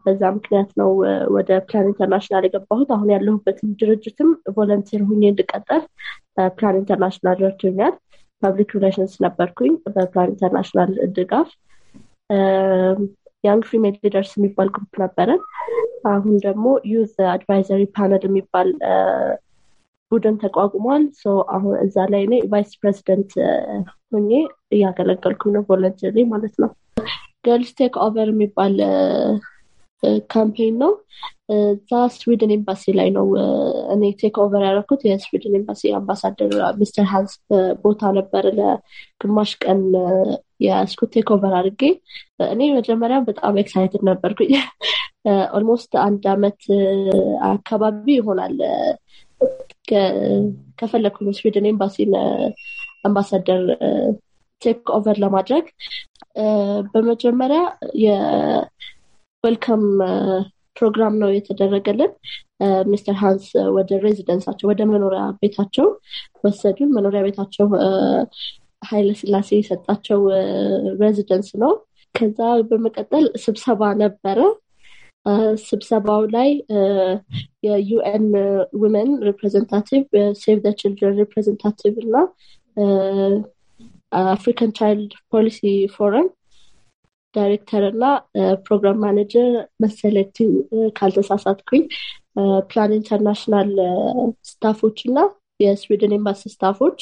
በዛ ምክንያት ነው ወደ ፕላን ኢንተርናሽናል የገባሁት። አሁን ያለሁበትን ድርጅትም ቮለንቲር ሁኜ እንድቀጠል ፕላን ኢንተርናሽናል ረድቶኛል። ፐብሊክ ሪሌሽንስ ነበርኩኝ በፕላን ኢንተርናሽናል ድጋፍ። ያንግ ፊሜል ሊደርስ የሚባል ግሩፕ ነበረን። አሁን ደግሞ ዩዝ አድቫይዘሪ ፓነል የሚባል ቡድን ተቋቁሟል። አሁን እዛ ላይ እኔ ቫይስ ፕሬዚደንት ሆኜ እያገለገልኩ ነው፣ ቮለንተሪ ማለት ነው። ገርልስ ቴክ ኦቨር የሚባል ካምፔን ነው። እዛ ስዊድን ኤምባሲ ላይ ነው እኔ ቴክ ኦቨር ያደረኩት። የስዊድን ኤምባሲ አምባሳደር ሚስተር ሃንስ ቦታ ነበር ለግማሽ ቀን የስኩ ቴክ ኦቨር አድርጌ እኔ መጀመሪያ በጣም ኤክሳይትድ ነበርኩኝ። ኦልሞስት አንድ አመት አካባቢ ይሆናል ከፈለግኩኝ ስዊድን ኤምባሲን አምባሳደር ቴክ ኦቨር ለማድረግ በመጀመሪያ የዌልካም ፕሮግራም ነው የተደረገልን። ሚስተር ሃንስ ወደ ሬዚደንሳቸው ወደ መኖሪያ ቤታቸው ወሰዱን። መኖሪያ ቤታቸው ኃይለ ስላሴ የሰጣቸው ሬዚደንስ ነው። ከዛ በመቀጠል ስብሰባ ነበረ። ስብሰባው ላይ የዩኤን ውመን ሪፕሬዘንታቲቭ ሴቭ ዘ ችልድረን ሪፕሬዘንታቲቭ እና አፍሪካን ቻይልድ ፖሊሲ ፎረም ዳይሬክተር እና ፕሮግራም ማኔጀር መሰለቲ ካልተሳሳትኩኝ ፕላን ኢንተርናሽናል ስታፎች እና የስዊድን ኤምባሲ ስታፎች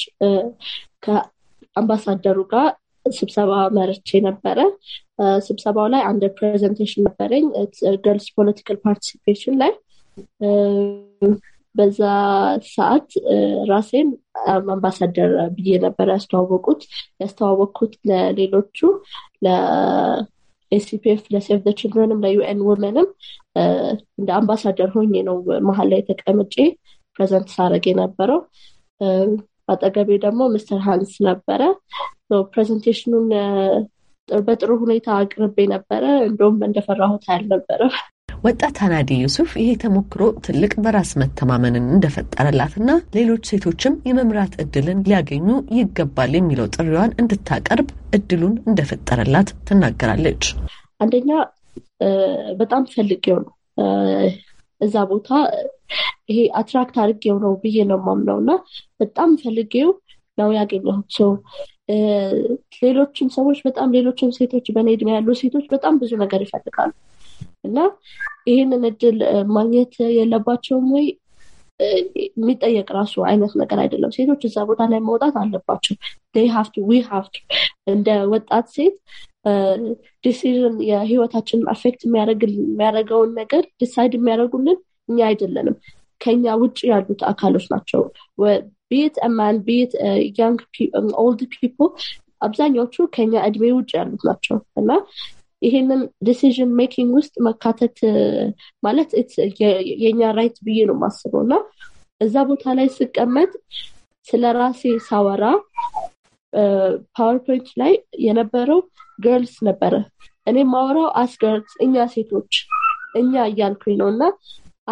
ከአምባሳደሩ ጋር ስብሰባ መርቼ ነበረ። ስብሰባው ላይ አንድ ፕሬዘንቴሽን ነበረኝ ገርልስ ፖለቲካል ፓርቲሲፔሽን ላይ በዛ ሰዓት ራሴን አምባሳደር ብዬ ነበር ያስተዋወቁት ያስተዋወቅኩት ለሌሎቹ ለኤሲፒፍ ለሴቭ ዘ ችልድረንም ለዩኤን ወመንም እንደ አምባሳደር ሆኜ ነው መሀል ላይ ተቀምጬ ፕሬዘንት ሳረግ የነበረው። አጠገቤ ደግሞ ምስተር ሃንስ ነበረ። ፕሬዘንቴሽኑን በጥሩ ሁኔታ አቅርቤ ነበረ። እንደውም እንደፈራሁት አልነበረም።
ወጣት አናዲ ዩሱፍ ይሄ ተሞክሮ ትልቅ በራስ መተማመንን እንደፈጠረላትና ሌሎች ሴቶችም የመምራት እድልን ሊያገኙ ይገባል የሚለው ጥሪዋን እንድታቀርብ እድሉን እንደፈጠረላት ትናገራለች።
አንደኛ በጣም ፈልጌው ነው እዛ ቦታ ይሄ አትራክት አድርጌው ነው ብዬ ነው የማምነው እና በጣም ፈልጌው ነው ያገኘሁት። ሌሎችም ሰዎች በጣም ሌሎችም ሴቶች በእኔ እድሜ ያሉ ሴቶች በጣም ብዙ ነገር ይፈልጋሉ እና ይህንን እድል ማግኘት የለባቸውም ወይ የሚጠየቅ ራሱ አይነት ነገር አይደለም። ሴቶች እዛ ቦታ ላይ መውጣት አለባቸው። ዊ ሀፍቱ እንደ ወጣት ሴት ዲሲዥን የህይወታችን አፌክት የሚያደርገውን ነገር ዲሳይድ የሚያደርጉልን እኛ አይደለንም፣ ከኛ ውጭ ያሉት አካሎች ናቸው። ቤት ማን ቤት ያንግ ኦልድ ፒፕል አብዛኛዎቹ ከኛ እድሜ ውጭ ያሉት ናቸው እና ይሄንን ዲሲዥን ሜኪንግ ውስጥ መካተት ማለት የኛ ራይት ብዬ ነው የማስበው እና እዛ ቦታ ላይ ስቀመጥ ስለ ራሴ ሳወራ ፓወርፖይንት ላይ የነበረው ገርልስ ነበረ። እኔ ማወራው አስገርልስ እኛ ሴቶች እኛ እያልኩኝ ነው እና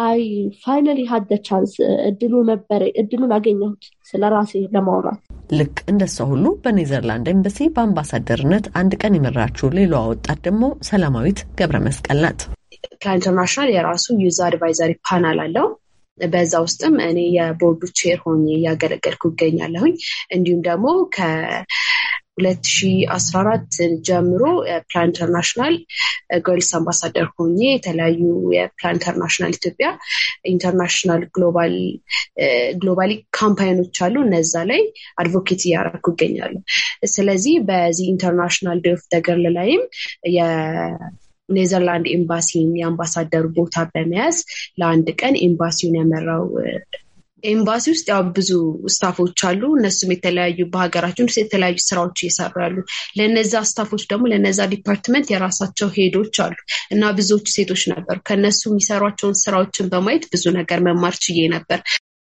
አይ ፋይናሊ ሀደ ቻንስ እድሉ ነበረ እድሉን አገኘሁት ስለ ራሴ ለማውራት።
ልክ እንደሷ ሁሉ በኔዘርላንድ ኤምበሲ በአምባሳደርነት አንድ ቀን የመራችው ሌላዋ ወጣት ደግሞ ሰላማዊት ገብረ መስቀል ናት።
ከኢንተርናሽናል ኢንተርናሽናል የራሱ ዩዝ አድቫይዘሪ ፓናል አለው። በዛ ውስጥም እኔ የቦርዱ ቼር ሆኜ እያገለገልኩ ይገኛለሁኝ። እንዲሁም ደግሞ 2014 ጀምሮ ፕላን ኢንተርናሽናል ገርልስ አምባሳደር ሆኜ የተለያዩ የፕላን ኢንተርናሽናል ኢትዮጵያ ኢንተርናሽናል ግሎባሊ ካምፓይኖች አሉ። እነዛ ላይ አድቮኬት እያደረኩ ይገኛሉ። ስለዚህ በዚህ ኢንተርናሽናል ዴይ ኦፍ ላይም ኔዘርላንድ ኤምባሲን የአምባሳደር ቦታ በመያዝ ለአንድ ቀን ኤምባሲውን የመራው ኤምባሲ ውስጥ ያው ብዙ ስታፎች አሉ። እነሱም የተለያዩ በሀገራችን ውስጥ የተለያዩ ስራዎች እየሰሩ ያሉ ለነዛ ስታፎች ደግሞ ለነዛ ዲፓርትመንት የራሳቸው ሄዶች አሉ እና ብዙዎቹ
ሴቶች ነበሩ። ከነሱ የሚሰሯቸውን ስራዎችን በማየት ብዙ ነገር መማር ችዬ ነበር።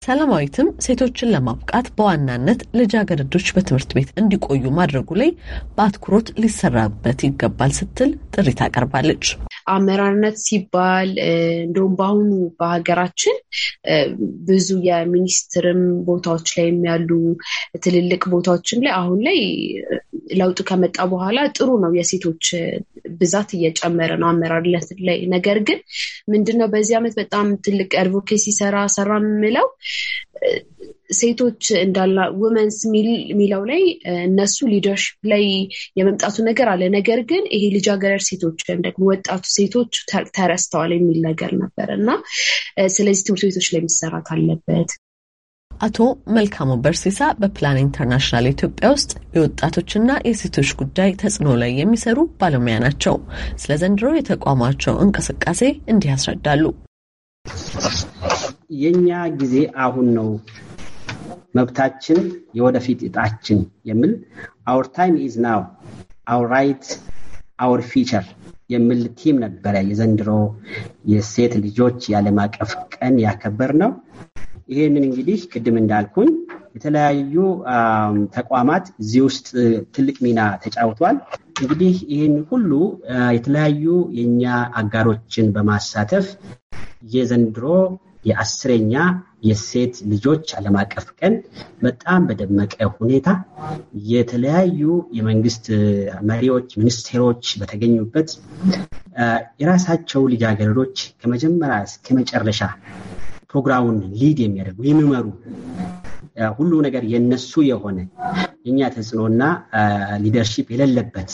ሰላማዊትም ሴቶችን ለማብቃት በዋናነት ልጃገረዶች በትምህርት ቤት እንዲቆዩ ማድረጉ ላይ በአትኩሮት ሊሰራበት ይገባል ስትል ጥሪ ታቀርባለች።
አመራርነት ሲባል እንደውም በአሁኑ በሀገራችን ብዙ የሚኒስትርም ቦታዎች ላይ የሚያሉ ትልልቅ ቦታዎችም ላይ አሁን ላይ ለውጥ ከመጣ በኋላ ጥሩ ነው። የሴቶች ብዛት እየጨመረ ነው አመራርነት ላይ። ነገር ግን ምንድነው በዚህ ዓመት በጣም ትልቅ አድቮኬሲ ሰራ ሰራ የምለው ሴቶች እንዳላ ውመንስ የሚለው ላይ እነሱ ሊደርሽፕ ላይ የመምጣቱ ነገር አለ። ነገር ግን ይሄ ልጃገረድ ሴቶች ወይም ደግሞ ወጣቱ ሴቶች ተረስተዋል የሚል ነገር ነበር እና ስለዚህ ትምህርት ቤቶች ላይ መሰራት አለበት።
አቶ መልካሙ በርሲሳ በፕላን ኢንተርናሽናል ኢትዮጵያ ውስጥ የወጣቶችና የሴቶች ጉዳይ ተጽዕኖ ላይ የሚሰሩ ባለሙያ ናቸው። ስለ ዘንድሮ የተቋማቸው እንቅስቃሴ እንዲህ ያስረዳሉ።
የእኛ ጊዜ አሁን ነው መብታችን የወደፊት እጣችን የሚል አውር ታይም ኢዝ ናው አውር ራይት አውር ፊቸር የሚል ቲም ነበረ የዘንድሮ የሴት ልጆች የዓለም አቀፍ ቀን ያከበር ነው። ይህንን እንግዲህ ቅድም እንዳልኩኝ የተለያዩ ተቋማት እዚህ ውስጥ ትልቅ ሚና ተጫውቷል። እንግዲህ ይህን ሁሉ የተለያዩ የእኛ አጋሮችን በማሳተፍ የዘንድሮ የአስረኛ የሴት ልጆች ዓለም አቀፍ ቀን በጣም በደመቀ ሁኔታ የተለያዩ የመንግስት መሪዎች፣ ሚኒስቴሮች በተገኙበት የራሳቸው ልጃገረዶች ከመጀመሪያ እስከ መጨረሻ ፕሮግራሙን ሊድ የሚያደርጉ የሚመሩ ሁሉ ነገር የነሱ የሆነ የኛ ተጽዕኖና ሊደርሺፕ የሌለበት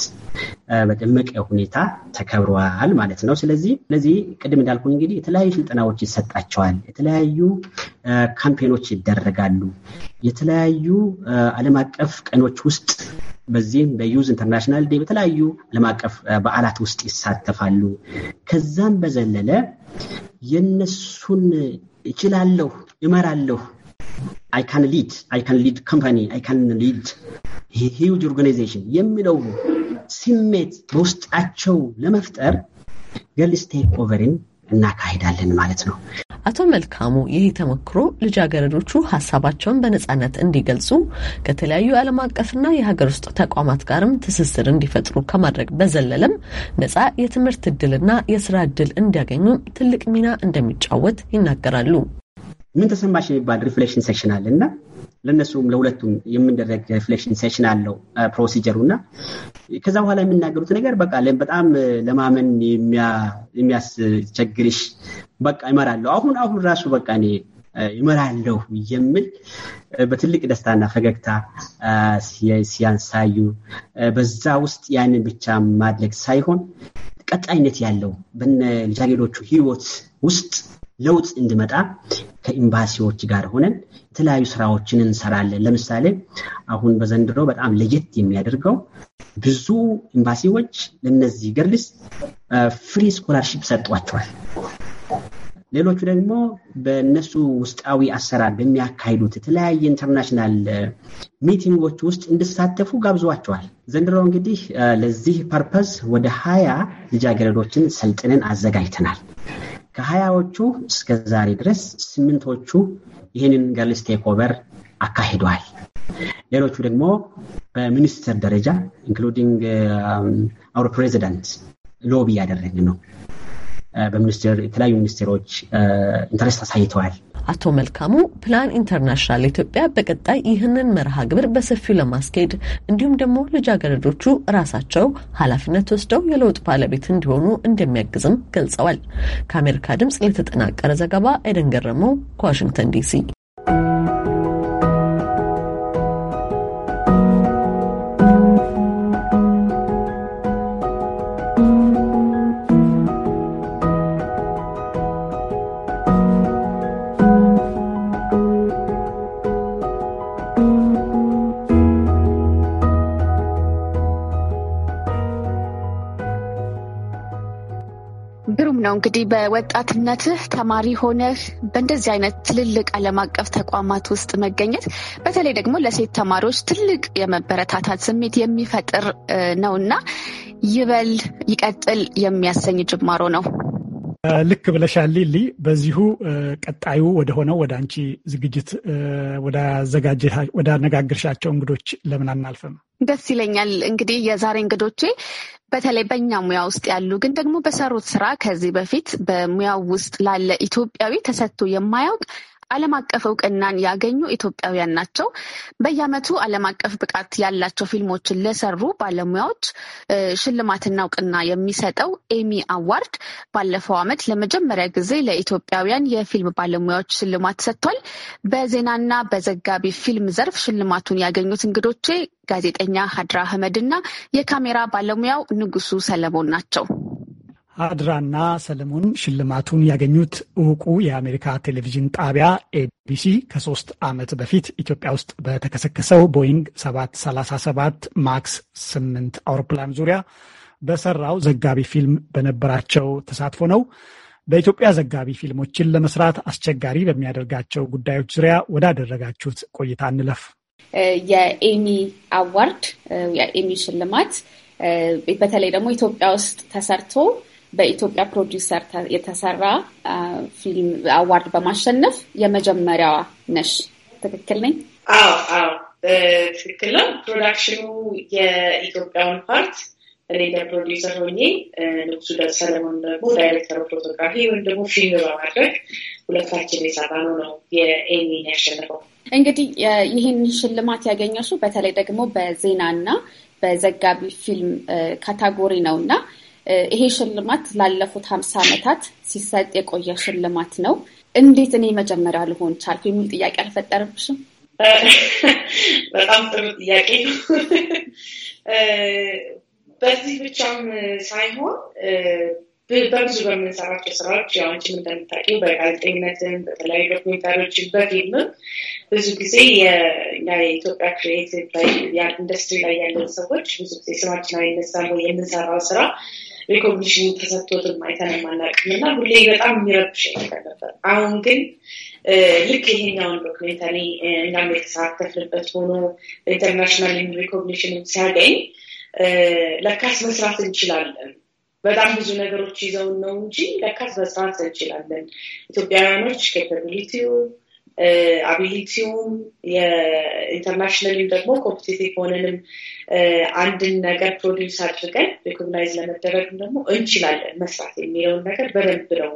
በደመቀ ሁኔታ ተከብረዋል ማለት ነው። ስለዚህ ስለዚህ ቅድም እንዳልኩ እንግዲህ የተለያዩ ስልጠናዎች ይሰጣቸዋል፣ የተለያዩ ካምፔኖች ይደረጋሉ፣ የተለያዩ ዓለም አቀፍ ቀኖች ውስጥ በዚህም በዩዝ ኢንተርናሽናል ዴ በተለያዩ ዓለም አቀፍ በዓላት ውስጥ ይሳተፋሉ። ከዛም በዘለለ የነሱን እችላለሁ እመራለሁ አይ ካን ሊድ አይ ካን ሊድ አይ ካን ሊድ ሂውጅ ኦርጋናይዜሽን የሚለው ስሜት በውስጣቸው ለመፍጠር ገርልስ ቴክ ኦቨርን እናካሄዳለን ማለት ነው።
አቶ መልካሙ ይህ ተሞክሮ ልጃገረዶቹ ሀሳባቸውን በነጻነት እንዲገልጹ ከተለያዩ ዓለም አቀፍና የሀገር ውስጥ ተቋማት ጋርም ትስስር እንዲፈጥሩ ከማድረግ በዘለለም ነጻ የትምህርት እድልና የስራ እድል እንዲያገኙ ትልቅ ሚና እንደሚጫወት ይናገራሉ።
ምን ተሰማሽ የሚባል ሪፍሌክሽን ሴሽን አለ እና ለእነሱም ለሁለቱም የምንደረግ ሪፍሌክሽን ሴሽን አለው ፕሮሲጀሩ እና ከዛ በኋላ የሚናገሩት ነገር በቃ በጣም ለማመን የሚያስቸግርሽ በቃ ይመራለሁ አሁን አሁን ራሱ በቃ እኔ ይመራለሁ የሚል በትልቅ ደስታና ፈገግታ ሲያንሳዩ በዛ ውስጥ ያንን ብቻ ማድረግ ሳይሆን ቀጣይነት ያለው በነ ልጃገረዶቹ ህይወት ውስጥ ለውጥ እንዲመጣ ከኤምባሲዎች ጋር ሆነን የተለያዩ ስራዎችን እንሰራለን። ለምሳሌ አሁን በዘንድሮ በጣም ለየት የሚያደርገው ብዙ ኤምባሲዎች ለነዚህ ገርልስ ፍሪ ስኮላርሺፕ ሰጧቸዋል። ሌሎቹ ደግሞ በእነሱ ውስጣዊ አሰራር በሚያካሂዱት የተለያየ ኢንተርናሽናል ሚቲንጎች ውስጥ እንዲሳተፉ ጋብዟቸዋል። ዘንድሮ እንግዲህ ለዚህ ፐርፐዝ ወደ ሀያ ልጃገረዶችን ሰልጥነን አዘጋጅተናል። ከሀያዎቹ እስከ ዛሬ ድረስ ስምንቶቹ ይህንን ገርልስ ቴክኦቨር አካሂደዋል። ሌሎቹ ደግሞ በሚኒስትር ደረጃ ኢንክሉዲንግ አውሮ um, ፕሬዚዳንት ሎቢ ያደረግን ነው።
uh, በሚኒስትር የተለያዩ ሚኒስቴሮች ኢንተረስት uh, አሳይተዋል። አቶ መልካሙ ፕላን ኢንተርናሽናል ኢትዮጵያ በቀጣይ ይህንን መርሃ ግብር በሰፊው ለማስኬድ እንዲሁም ደግሞ ልጃገረዶቹ ራሳቸው ኃላፊነት ወስደው የለውጥ ባለቤት እንዲሆኑ እንደሚያግዝም ገልጸዋል። ከአሜሪካ ድምጽ ለተጠናቀረ ዘገባ ኤደን ገረመው ከዋሽንግተን ዲሲ
እንግዲህ በወጣትነትህ ተማሪ ሆነህ በእንደዚህ አይነት ትልልቅ ዓለም አቀፍ ተቋማት ውስጥ መገኘት በተለይ ደግሞ ለሴት ተማሪዎች ትልቅ የመበረታታት ስሜት የሚፈጥር ነው እና ይበል ይቀጥል የሚያሰኝ ጅማሮ ነው።
ልክ ብለሻል ሊሊ። በዚሁ ቀጣዩ ሆነው ወደ አንቺ ዝግጅት ወዳነጋግርሻቸው እንግዶች ለምን አናልፍም?
ደስ ይለኛል። እንግዲህ የዛሬ እንግዶቼ በተለይ በእኛ ሙያ ውስጥ ያሉ ግን ደግሞ በሰሩት ስራ ከዚህ በፊት በሙያው ውስጥ ላለ ኢትዮጵያዊ ተሰጥቶ የማያውቅ ዓለም አቀፍ እውቅናን ያገኙ ኢትዮጵያውያን ናቸው። በየዓመቱ ዓለም አቀፍ ብቃት ያላቸው ፊልሞችን ለሰሩ ባለሙያዎች ሽልማትና እውቅና የሚሰጠው ኤሚ አዋርድ ባለፈው ዓመት ለመጀመሪያ ጊዜ ለኢትዮጵያውያን የፊልም ባለሙያዎች ሽልማት ሰጥቷል። በዜናና በዘጋቢ ፊልም ዘርፍ ሽልማቱን ያገኙት እንግዶቼ ጋዜጠኛ ሀድራ አህመድ እና የካሜራ ባለሙያው ንጉሱ ሰለሞን ናቸው።
አድራና ሰለሞን ሽልማቱን ያገኙት እውቁ የአሜሪካ ቴሌቪዥን ጣቢያ ኤቢሲ ከሶስት ዓመት በፊት ኢትዮጵያ ውስጥ በተከሰከሰው ቦይንግ 737 ማክስ 8 አውሮፕላን ዙሪያ በሰራው ዘጋቢ ፊልም በነበራቸው ተሳትፎ ነው። በኢትዮጵያ ዘጋቢ ፊልሞችን ለመስራት አስቸጋሪ በሚያደርጋቸው ጉዳዮች ዙሪያ ወዳደረጋችሁት ቆይታ እንለፍ።
የኤሚ አዋርድ የኤሚ ሽልማት በተለይ ደግሞ ኢትዮጵያ ውስጥ ተሰርቶ በኢትዮጵያ ፕሮዲውሰር የተሰራ ፊልም አዋርድ በማሸነፍ የመጀመሪያዋ ነሽ። ትክክል ነኝ?
አዎ አዎ፣ ትክክል ነው። ፕሮዳክሽኑ የኢትዮጵያውን ፓርት እኔ ፕሮዲውሰር ሆኜ ንጉሱ ሰለሞን ደግሞ ዳይሬክተር ፎቶግራፊ ወይም ደግሞ ፊልም በማድረግ ሁለታችን የሰራ ነው ነው የኤሚን ያሸነፈው።
እንግዲህ ይህን ሽልማት ያገኘሽው በተለይ ደግሞ በዜና እና በዘጋቢ ፊልም ካታጎሪ ነው እና ይሄ ሽልማት ላለፉት ሀምሳ ዓመታት ሲሰጥ የቆየ ሽልማት ነው። እንዴት እኔ መጀመሪያ ልሆን ቻልኩ የሚል ጥያቄ አልፈጠረብሽም?
በጣም ጥሩ ጥያቄ ነው። በዚህ ብቻም ሳይሆን በብዙ በምንሰራቸው ስራዎች ያው አንቺም እንደምታውቂው በጋዜጠኝነትም በተለያዩ ዶክሜንታሪዎችን በፊልምም ብዙ ጊዜ የኛ የኢትዮጵያ ክሬቲቭ ኢንዱስትሪ ላይ ያለን ሰዎች ብዙ ጊዜ ስማችን አይነሳም የምንሰራው ስራ ሪኮግኒሽን ተሰጥቶትን አይተን የማናውቅም እና ሁሌ በጣም የሚረብሽ ነገር ነበር። አሁን ግን ልክ ይሄኛውን ዶክሜንታሪ እኛም የተሳተፍንበት ሆኖ ኢንተርናሽናል ሪኮግኒሽን ሲያገኝ ለካስ መስራት እንችላለን። በጣም ብዙ ነገሮች ይዘውን ነው እንጂ ለካስ መስራት እንችላለን። ኢትዮጵያውያኖች ኬፐብሊቲው አቢሊቲውም የኢንተርናሽናሊም ደግሞ ኮምፒቴቲቭ ሆነንም አንድን ነገር ፕሮዲውስ አድርገን ሪኮግናይዝ ለመደረግም ደግሞ እንችላለን መስራት የሚለውን ነገር በደንብ ነው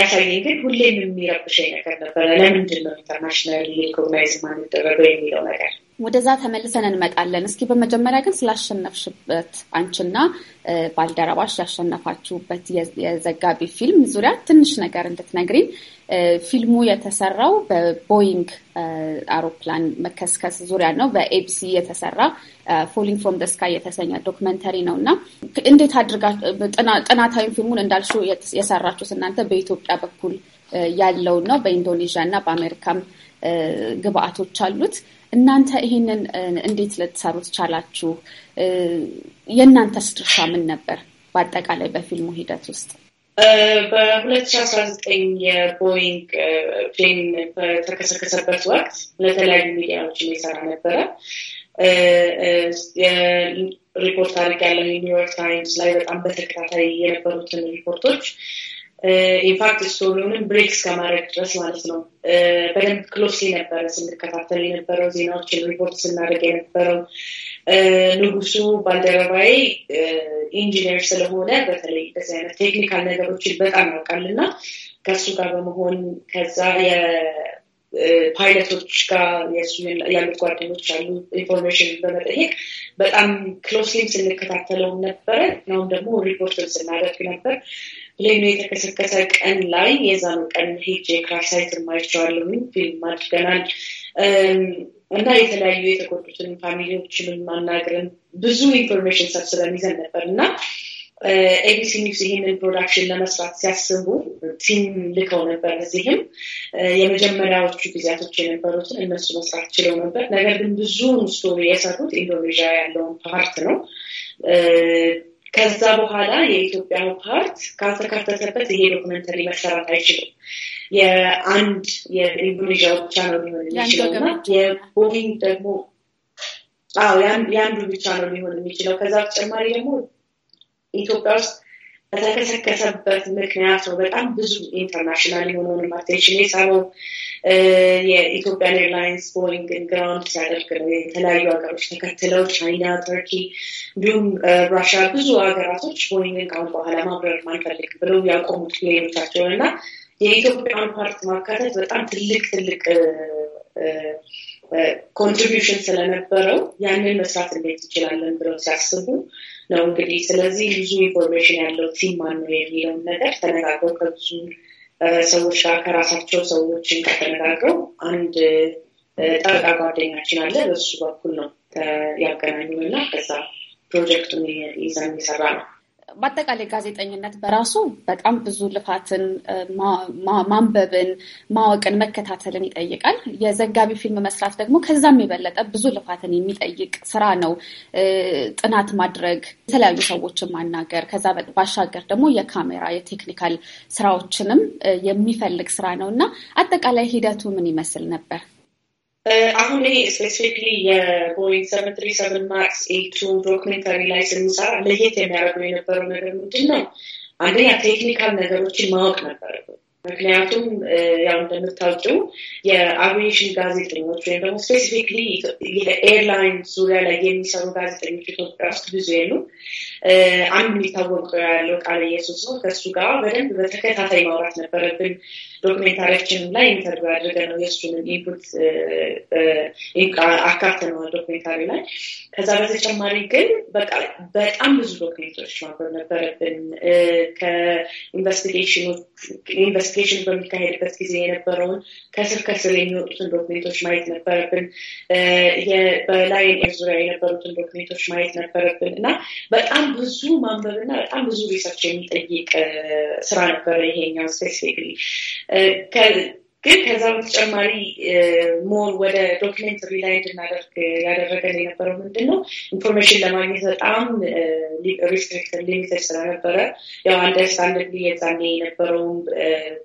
ያሳየኝ። ግን ሁሌም የሚረብሸኝ ነገር ነበረ፣ ለምንድን ነው ኢንተርናሽናል ሪኮግናይዝ ማንደረገው የሚለው ነገር
ወደዛ ተመልሰን እንመጣለን። እስኪ በመጀመሪያ ግን ስላሸነፍሽበት አንቺና ባልደረባሽ ያሸነፋችሁበት የዘጋቢ ፊልም ዙሪያ ትንሽ ነገር እንድትነግሪን። ፊልሙ የተሰራው በቦይንግ አውሮፕላን መከስከስ ዙሪያ ነው። በኤቢሲ የተሰራ ፎሊንግ ፍሮም ደ ስካይ የተሰኘ ዶክመንተሪ ነው እና እንዴት አድርጋ ፊልሙን እንዳልሹ የሰራችሁት እናንተ በኢትዮጵያ በኩል ያለውን ነው። በኢንዶኔዥያ እና በአሜሪካም ግብአቶች አሉት እናንተ ይሄንን እንዴት ልትሰሩት ቻላችሁ? የእናንተስ ድርሻ ምን ነበር? በአጠቃላይ በፊልሙ ሂደት ውስጥ
በሁለት 2019 አስራ ዘጠኝ የቦይንግ ፕሌን በተከሰከሰበት ወቅት ለተለያዩ ሚዲያዎች የሚሰራ ነበረ። ሪፖርት አድርግ ያለው የኒውዮርክ ታይምስ ላይ በጣም በተከታታይ የነበሩትን ሪፖርቶች ኢንፋክት ስቶሪውንም ብሬክ እስከማድረግ ድረስ ማለት ነው። በደንብ ክሎስ ነበረ ስንከታተል የነበረው ዜናዎችን ሪፖርት ስናደርግ የነበረው። ንጉሱ ባልደረባዬ ኢንጂነር ስለሆነ በተለይ እንደዚህ አይነት ቴክኒካል ነገሮችን በጣም ያውቃል እና ከእሱ ጋር በመሆን ከዛ ፓይለቶች ጋር ያሉት ጓደኞች አሉ ኢንፎርሜሽን በመጠየቅ በጣም ክሎስሊም ስንከታተለው ነበረ። አሁን ደግሞ ሪፖርትን ስናደርግ ነበር። ፕሌኑ የተከሰከሰ ቀን ላይ የዛን ቀን ሄጄ ካርሳይትን ማይቸዋለሁኝ ፊልም አድርገናል እና የተለያዩ የተጎዱትን ፋሚሊዎችንም ማናገርን ብዙ ኢንፎርሜሽን ሰብስበን ይዘን ነበር እና ኤቢሲ ኒውስ ይህንን ፕሮዳክሽን ለመስራት ሲያስቡ ቲም ልከው ነበር። እዚህም የመጀመሪያዎቹ ጊዜያቶች የነበሩትን እነሱ መስራት ችለው ነበር። ነገር ግን ብዙውን ስቶሪ የሰሩት ኢንዶኔዥያ ያለውን ፓርት ነው። ከዛ በኋላ የኢትዮጵያ ፓርት ካልተካተተበት ይሄ ዶክመንተሪ መሰራት አይችልም። የአንድ የኢንዶኔዥያ ብቻ ነው ሊሆን የሚችለው እና የቦሊንግ ደግሞ የአንዱ ብቻ ነው ሊሆን የሚችለው። ከዛ በተጨማሪ ደግሞ ኢትዮጵያ ውስጥ በተከሰከሰበት ምክንያት ነው። በጣም ብዙ ኢንተርናሽናል የሆነውን አቴንሽን የሳበው የኢትዮጵያን ኤርላይንስ ቦይንግን ግራውንድ ሲያደርግ ነው። የተለያዩ ሀገሮች ተከትለው ቻይና፣ ተርኪ እንዲሁም ራሻ ብዙ ሀገራቶች ቦይንግን ካሁን በኋላ ማብረር ማንፈልግ ብለው ያቆሙት ሌሎቻቸውን እና የኢትዮጵያን ፓርት ማካተት በጣም ትልቅ ትልቅ ኮንትሪቢሽን ስለነበረው ያንን መስራት እንዴት ይችላለን ብለው ሲያስቡ ነው። እንግዲህ ስለዚህ ብዙ ኢንፎርሜሽን ያለው ቲም ማን ነው የሚለውን ነገር ተነጋግረው ከብዙ ሰዎች ጋር ከራሳቸው ሰዎችን ከተነጋግረው አንድ ጠበቃ ጓደኛችን አለ። በሱ በኩል ነው ያገናኙ እና ከዛ ፕሮጀክቱን ይዘን የሰራ ነው።
በአጠቃላይ ጋዜጠኝነት በራሱ በጣም ብዙ ልፋትን፣ ማንበብን፣ ማወቅን፣ መከታተልን ይጠይቃል። የዘጋቢ ፊልም መስራት ደግሞ ከዛም የበለጠ ብዙ ልፋትን የሚጠይቅ ስራ ነው። ጥናት ማድረግ፣ የተለያዩ ሰዎችን ማናገር፣ ከዛ ባሻገር ደግሞ የካሜራ የቴክኒካል ስራዎችንም የሚፈልግ ስራ ነው እና አጠቃላይ ሂደቱ ምን ይመስል ነበር?
Uh, አሁን ይሄ ስፔሲፊክሊ የቦይንግ ሰቨን ትሪ ሰቨን ማክስ ኤቱ ዶክመንታሪ ላይ ስንሰራ ለየት የሚያደርገው የነበረው ነገር ምንድን ነው? አንደኛ ቴክኒካል ነገሮችን ማወቅ ነበረብን። ምክንያቱም ያው እንደምታውቂው የአቪዬሽን ጋዜጠኞች ወይም ደግሞ ስፔሲፊክሊ ኤርላይን ዙሪያ ላይ የሚሰሩ ጋዜጠኞች ኢትዮጵያ ውስጥ ብዙ የሉም። አንድ የሚታወቅ ያለው ቃለ ኢየሱስ ነው። ከእሱ ጋር በደንብ በተከታታይ ማውራት ነበረብን። ዶክሜንታሪያችን ላይ ኢንተርቪው አድርገን ነው የእሱንም ኢንፑት ነው ዶክሜንታሪ ላይ። ከዛ በተጨማሪ ግን በጣም ብዙ ዶክሜንቶች ማንበብ ነበረብን ከኢንቨስቲጌሽኖች ኦፕሬሽን በሚካሄድበት ጊዜ የነበረውን ከስር ከስር የሚወጡትን ዶክሜንቶች ማየት ነበረብን። በላይን ኤር ዙሪያ የነበሩትን ዶክሜንቶች ማየት ነበረብን እና በጣም ብዙ ማንበብ ማንበብና በጣም ብዙ ሪሰርች የሚጠይቅ ስራ ነበረ ይሄኛው ስፔሲፊክሊ ግን ከዛ በተጨማሪ ሞር ወደ ዶክሜንተሪ ላይ እንድናደርግ ያደረገን የነበረው ምንድን ነው ኢንፎርሜሽን ለማግኘት በጣም ሪስትሪክትድ ሊሚትድ ስለነበረ ያው አንደርስታንድ የዛኔ የነበረው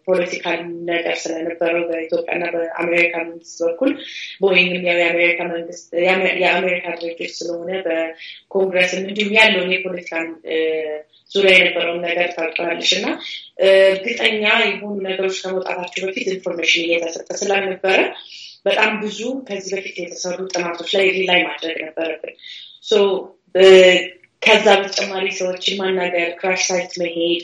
ፖለቲካል ነገር ስለነበረው በኢትዮጵያና በአሜሪካ መንግስት በኩል ቦይንግም ያው የአሜሪካ መንግስት የአሜሪካ ድርጅት ስለሆነ በኮንግረስም እንዲሁም ያለውን የፖለቲካን ዙሪያ የነበረውን ነገር ታውቀዋለሽ እና እርግጠኛ የሆኑ ነገሮች ከመውጣታቸው በፊት ኢንፎርሜሽን እየተሰጠ ስላልነበረ በጣም ብዙ ከዚህ በፊት የተሰሩ ጥናቶች ላይ ላይ ማድረግ ነበረብን። ከዛ በተጨማሪ ሰዎችን ማናገር፣ ክራሽ ሳይት መሄድ፣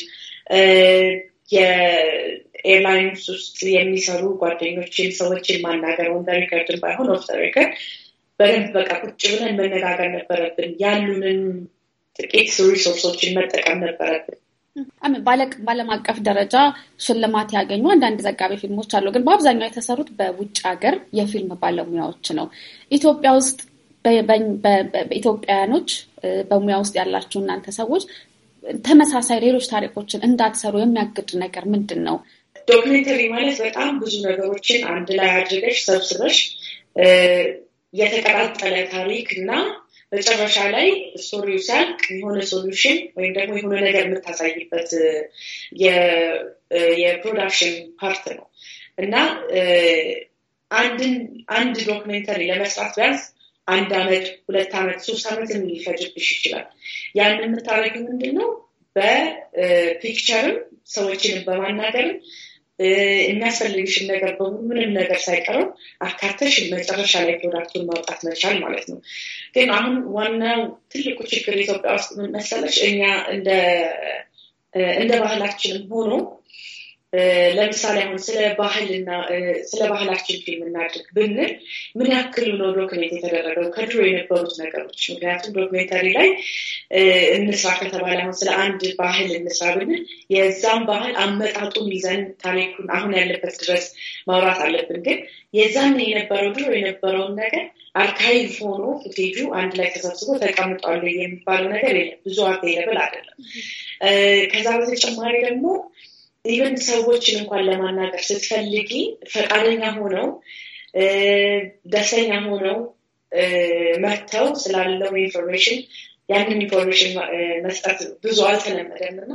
የኤርላይንስ ውስጥ የሚሰሩ ጓደኞችን ሰዎችን ማናገር ወንደ ሪከርድን ባይሆን ኦፍ ሪከርድ በደንብ በቃ ቁጭ ብለን መነጋገር ነበረብን። ያሉንን ጥቂት ሪሶርሶችን መጠቀም ነበረብን።
በዓለም አቀፍ ደረጃ ሽልማት ያገኙ አንዳንድ ዘጋቢ ፊልሞች አሉ። ግን በአብዛኛው የተሰሩት በውጭ ሀገር የፊልም ባለሙያዎች ነው። ኢትዮጵያ ውስጥ በኢትዮጵያውያኖች በሙያ ውስጥ ያላችሁ እናንተ ሰዎች ተመሳሳይ ሌሎች ታሪኮችን እንዳትሰሩ የሚያግድ ነገር ምንድን ነው?
ዶክመንተሪ ማለት በጣም ብዙ ነገሮችን አንድ ላይ አድርገሽ ሰብስበሽ የተቀጣጠለ ታሪክ እና መጨረሻ ላይ ስቶሪው ሲያልቅ የሆነ ሶሉሽን ወይም ደግሞ የሆነ ነገር የምታሳይበት የፕሮዳክሽን ፓርት ነው እና አንድን አንድ ዶክሜንተሪ ለመስራት ቢያንስ አንድ አመት፣ ሁለት አመት፣ ሶስት አመት የሚፈጅብሽ ይችላል። ያን የምታደረግ ምንድን ነው? በፒክቸርም ሰዎችንም በማናገርም የሚያስፈልግሽን ነገር በሙሉ ምንም ነገር ሳይቀረው አካተሽ መጨረሻ ላይ ፕሮዳክቱን ማውጣት መቻል ማለት ነው። ግን አሁን ዋናው ትልቁ ችግር ኢትዮጵያ ውስጥ መሰለች እኛ እንደ ባህላችንም ሆኖ ለምሳሌ አሁን ስለ ባህልና ስለ ባህላችን ፊልም እናድርግ ብንል ምን ያክል ነው ዶክሜንት የተደረገው ከድሮ የነበሩት ነገሮች? ምክንያቱም ዶክሜንታሪ ላይ እንስራ ከተባለ አሁን ስለ አንድ ባህል እንስራ ብንል የዛን ባህል አመጣጡን ይዘን ታሪኩን አሁን ያለበት ድረስ ማውራት አለብን። ግን የዛን የነበረው ድሮ የነበረውን ነገር አርካይቭ ሆኖ ፉቴጁ አንድ ላይ ተሰብስቦ ተቀምጧል የሚባለው ነገር የለም። ብዙ አቬለብል አይደለም። ከዛ በተጨማሪ ደግሞ ኢቨን ሰዎችን እንኳን ለማናገር ስትፈልጊ ፈቃደኛ ሆነው ደስተኛ ሆነው መጥተው ስላለው ኢንፎርሜሽን ያንን ኢንፎርሜሽን መስጠት ብዙ አልተለመደም እና